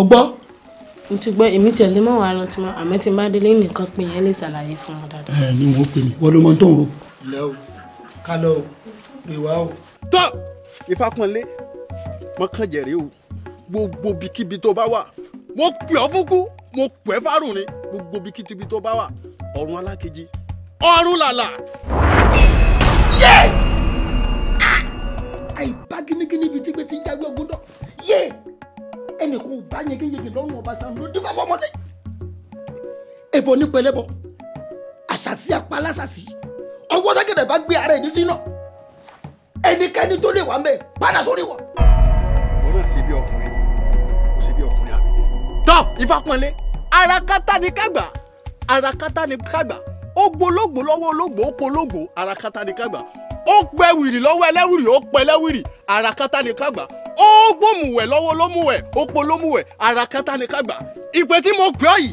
Speaker 1: ọgbọ́n
Speaker 4: mo ti gbọ́ èmi tẹ̀lé mọ́ wàá rántí mọ́ àmọ́ tí n bá délé nìkan pé yẹn lè ṣàlàyé fún wọn
Speaker 1: dáadáa. ẹ ní wọn pè mí wọn ló mọ tó ń ro. ilẹ̀ o kálọ̀ o rèwà o. tọ́ ìfakànlé mọ́kànjẹ̀rẹ́ o gbogbo bikibi tó bá wà mo pè ọ́ fúnkú mo pè é fárùn ni gbogbo bikibi tó bá wà ọ̀run alákejì ọ̀run làlà. yé ah! àìbá gínígíní bíi tí gbé ti jágbé ogun dán yé ẹnì kan ò bá yegeyege lọ́rùn ọba sanu ló dífá fọmọdé èbò nípẹlẹbọ àṣàṣì apalásàṣì ọwọ́ sẹ́gẹ̀dẹ̀ bá gbé ara ẹni sínú ẹnikẹ́ni tó lè wà mẹ́ padà sórí wọn. mo náà ṣe bí ọkùnrin mo ṣe bí ọkùnrin àbí. tọ́ ìfapọ̀nlé ara kátá ni kágbà ara kátá ni kágbà ó gbólógbò lọ́wọ́ ológbò ó pológbò ara kátá ni kágbà ó pẹ́ wìrì lọ́wọ́ ẹlẹ́wìrì ó pẹ́ ẹlẹ́wìrì ara kátá ni kágbà ó gbòmùwẹ̀ lọ́wọ́ ló mùwẹ̀ òpó ló mùwẹ̀ ara kẹta ni ká gbà ìpè tí mo pè yìí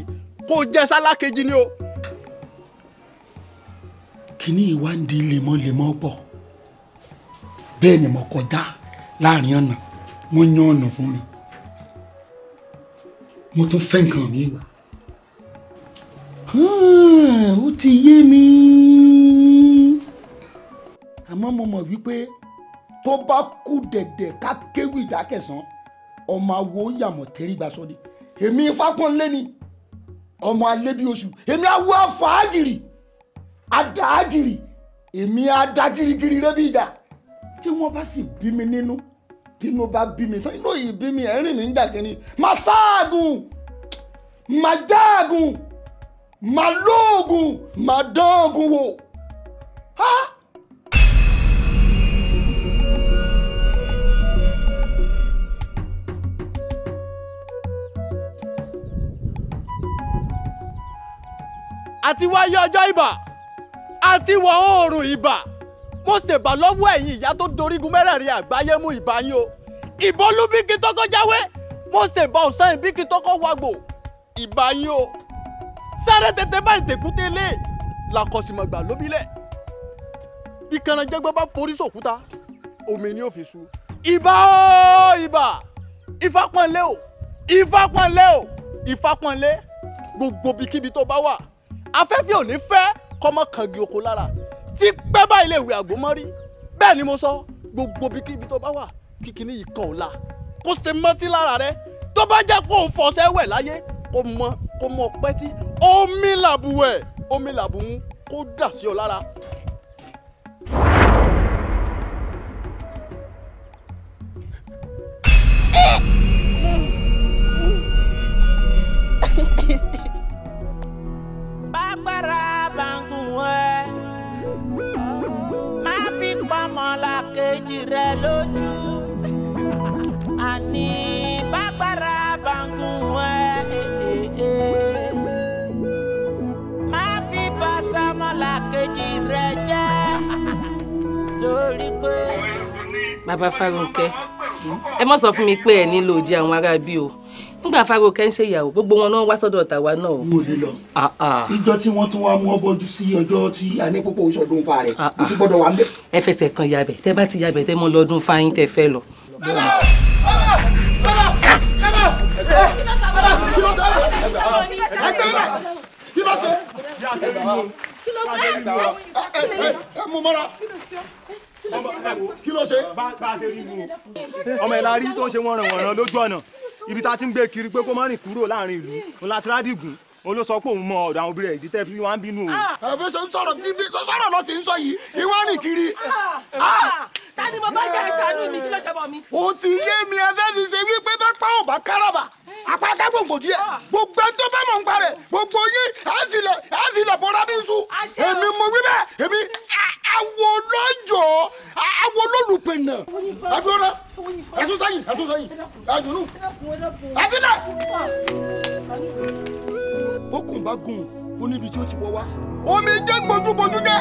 Speaker 1: kò jẹ́ sálákejì ni o. kíní ìwádìí lemọ́lemọ́ pọ̀ bẹ́ẹ̀ ni mo kọjá láàrin ọ̀nà wọ́n yan ọ̀nà fún mi mo tún fẹ́ nǹkan mi ó ti yé mi àmọ́ mo mọ̀ wípé tó bá kú dẹ̀dẹ̀ ká kéwì ìdákẹ̀sán ọmọ awo yàmọ̀ tẹ́rí gba sọ́ni èmi fápọ́nlé ni ọmọ alẹ́ bí oṣù èmi awo afáàgìrì adáàgìrì èmi adágirigiri rẹ bí ìjà tí wọ́n bá sì bí mi nínú tínú bá bí mi tán inú yìí bí mi ẹ̀rín mi ń jà kínní máa ṣáàgùn máa jáàgùn máa lóògùn máa dánògùn wò. Ah! àti wáyé ọjọ́ ìbà àti wọ̀ oòrùn ìbà mo ṣèbà lọ́wọ́ ẹ̀yin ìyá tó dorígun mẹ́rẹ̀ẹ̀rin àgbáyé mú ìbà yín o ìbọlú bí kí tọ́kọ́ jáwé mo ṣèbà ọ̀sán ìbí kí tọ́kọ́ wàgbò ìbà yín o sáré tètè bá ìtẹ̀kútẹ́ lé làkọ̀sìmọ̀gbà lóbílẹ̀ bí kànáńjẹ́gbẹ́ bá forí sòkúta omi ni ó fi su ìbà o ìbà ìfapọ̀nlé o ìfapọ̀nlé o ìfapọ̀nlé gbogbo bíkíbi tó bá wà afẹ́fẹ́ ò ní fẹ́ kọ́mọ kangi oko lára tí pẹ́ bá ilé ìwé àgbo mọ́ rí bẹ́ẹ̀ ni mo sọ gbogbo ibikíbi tó bá wà kíkiní yìí kan ò la kó ṣe mọ́tí lára rẹ tó bá jẹ́ kó ń fọṣẹ́ wẹ̀ láyé kó mọ kó mọ pẹ́ tí omi làbùwẹ̀ omi làbùmú kó dà sí ọ lára.
Speaker 2: Ah! agbára bàǹkùn ẹ má fi pamọ́lá kejì rẹ lójú àní bàgbára bàǹkùn ẹ má fi bàtàmọ́lá kejì rẹ jẹ́
Speaker 4: torí pé. bàbá Fárunkẹ́ ẹ má sọ fún mi pé ẹ nílò jẹ àwọn aráabí o nígbà fáwọn òkè ń ṣe ìyàwó gbogbo wọn náà wá sọ́dọ̀ tàwa náà. n ò lè lọ ah, ah.
Speaker 1: ìjọ tí wọ́n tún wá mú ọbọjú sí ọjọ́ tí a ní púpọ̀ sọdún fa rẹ̀
Speaker 4: kò ah, sí gbọ́dọ̀ wà ń bẹ̀. ẹ fẹsẹ̀ kan yabẹ̀ tẹ bá ti yabẹ̀ tẹ mọ lọ́dún fáyín tẹ fẹ́ lọ.
Speaker 3: kí
Speaker 1: ló ṣe kí
Speaker 3: ló ṣe
Speaker 1: ẹ mú mọ́ra kí ló ṣe. ọmọ ẹ̀ la rí tó ṣe wọ́n ràn wọ́n ràn lójú ọ̀nà ibi tá ti ń gbé kiri pé kó má rìn kúrò láàrin ìlú òun láti rádìgún
Speaker 5: òun ló sọ pé òun mọ ọ̀dọ̀ àwọn obìnrin ìdí tẹ́ fi wá ń bínú o. ẹ̀fẹ́ ah! sọ sọ̀rọ̀
Speaker 1: tí bí sọ̀rọ̀ lọ sí ń sọ yìí kí wọ́n rìn kiri. Ah!
Speaker 3: Ah!
Speaker 5: ta ni mo
Speaker 1: bá jẹ́ ìṣàánú mi kí ló ṣe bọ̀ mi. o ti yé mi ẹfẹ́ fi ṣe wípé bá pàwọn bá káràbà àpáta gbòǹgbò díẹ̀ gbogbo ẹni tó bá mọ̀ ń parẹ̀ gbogbo yín sọ yìí àjùnú àfilẹ. ó kùn bá gùn ó níbi tí ó ti wọ wá omi jẹ́ gbojúgbojú jẹ́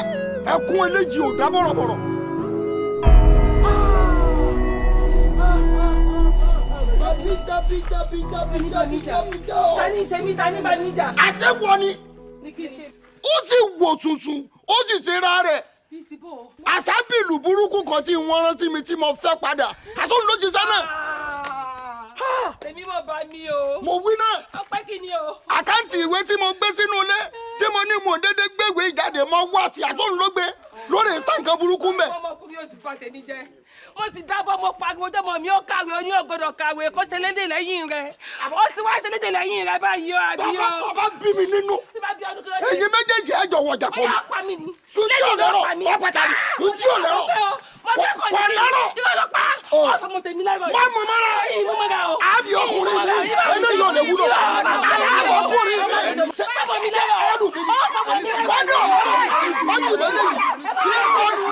Speaker 1: ẹkún eléjì ò dá bọ̀rọ̀bọ̀rọ̀. bíjà bíjà tani ṣe tani bá níjà. àṣewọ ni ó sì wò tuntun ó sì ṣe ra rẹ̀ àṣà bìlù burúkú kan tí wọ́n rántí mi tí mo fẹ́ padà àṣọ ló ti sá èmi mọ̀ bá mi o. mo wí náà.
Speaker 4: ọpẹ́ kí ni o.
Speaker 1: àkáǹtì ìwé tí mo gbé sínú ilé tí mo ní mò ń dédé gbéwèé ìjáde mọ́ wá àti àtọ́nulógbé lórí ìsànkàn burúkú mẹ́.
Speaker 4: ọmọkùnrin oṣù bá tèmi jẹ
Speaker 1: ó sì dábọ̀ mo pariwo tó mọ̀ mi ó kàwé
Speaker 4: ó ní ò gbọdọ̀ kàwé kó ṣe lédè lẹ́yìn rẹ̀ ó sì wá ṣe lédè lẹ́yìn rẹ̀ báyìí ó àbí ó. tọ́ba tọ́ba
Speaker 1: bí mi nínú èyí méjèèjì ẹ jọ̀wọ́ jà pọ̀
Speaker 4: mi tún tí ò lọ́rọ̀ wọ́n pàtà mi tún tí ò lọ́rọ̀ kọ̀ lọ́rọ̀
Speaker 1: má mú
Speaker 3: mọ́ra àbí ọkùnrin mi eléyìí ò lè wúlò àbí ọkùnrin mi ṣe ọlù mi wọ́n ní ọ̀rọ̀ mi wọ́n jù mí ní ìlú ọlù.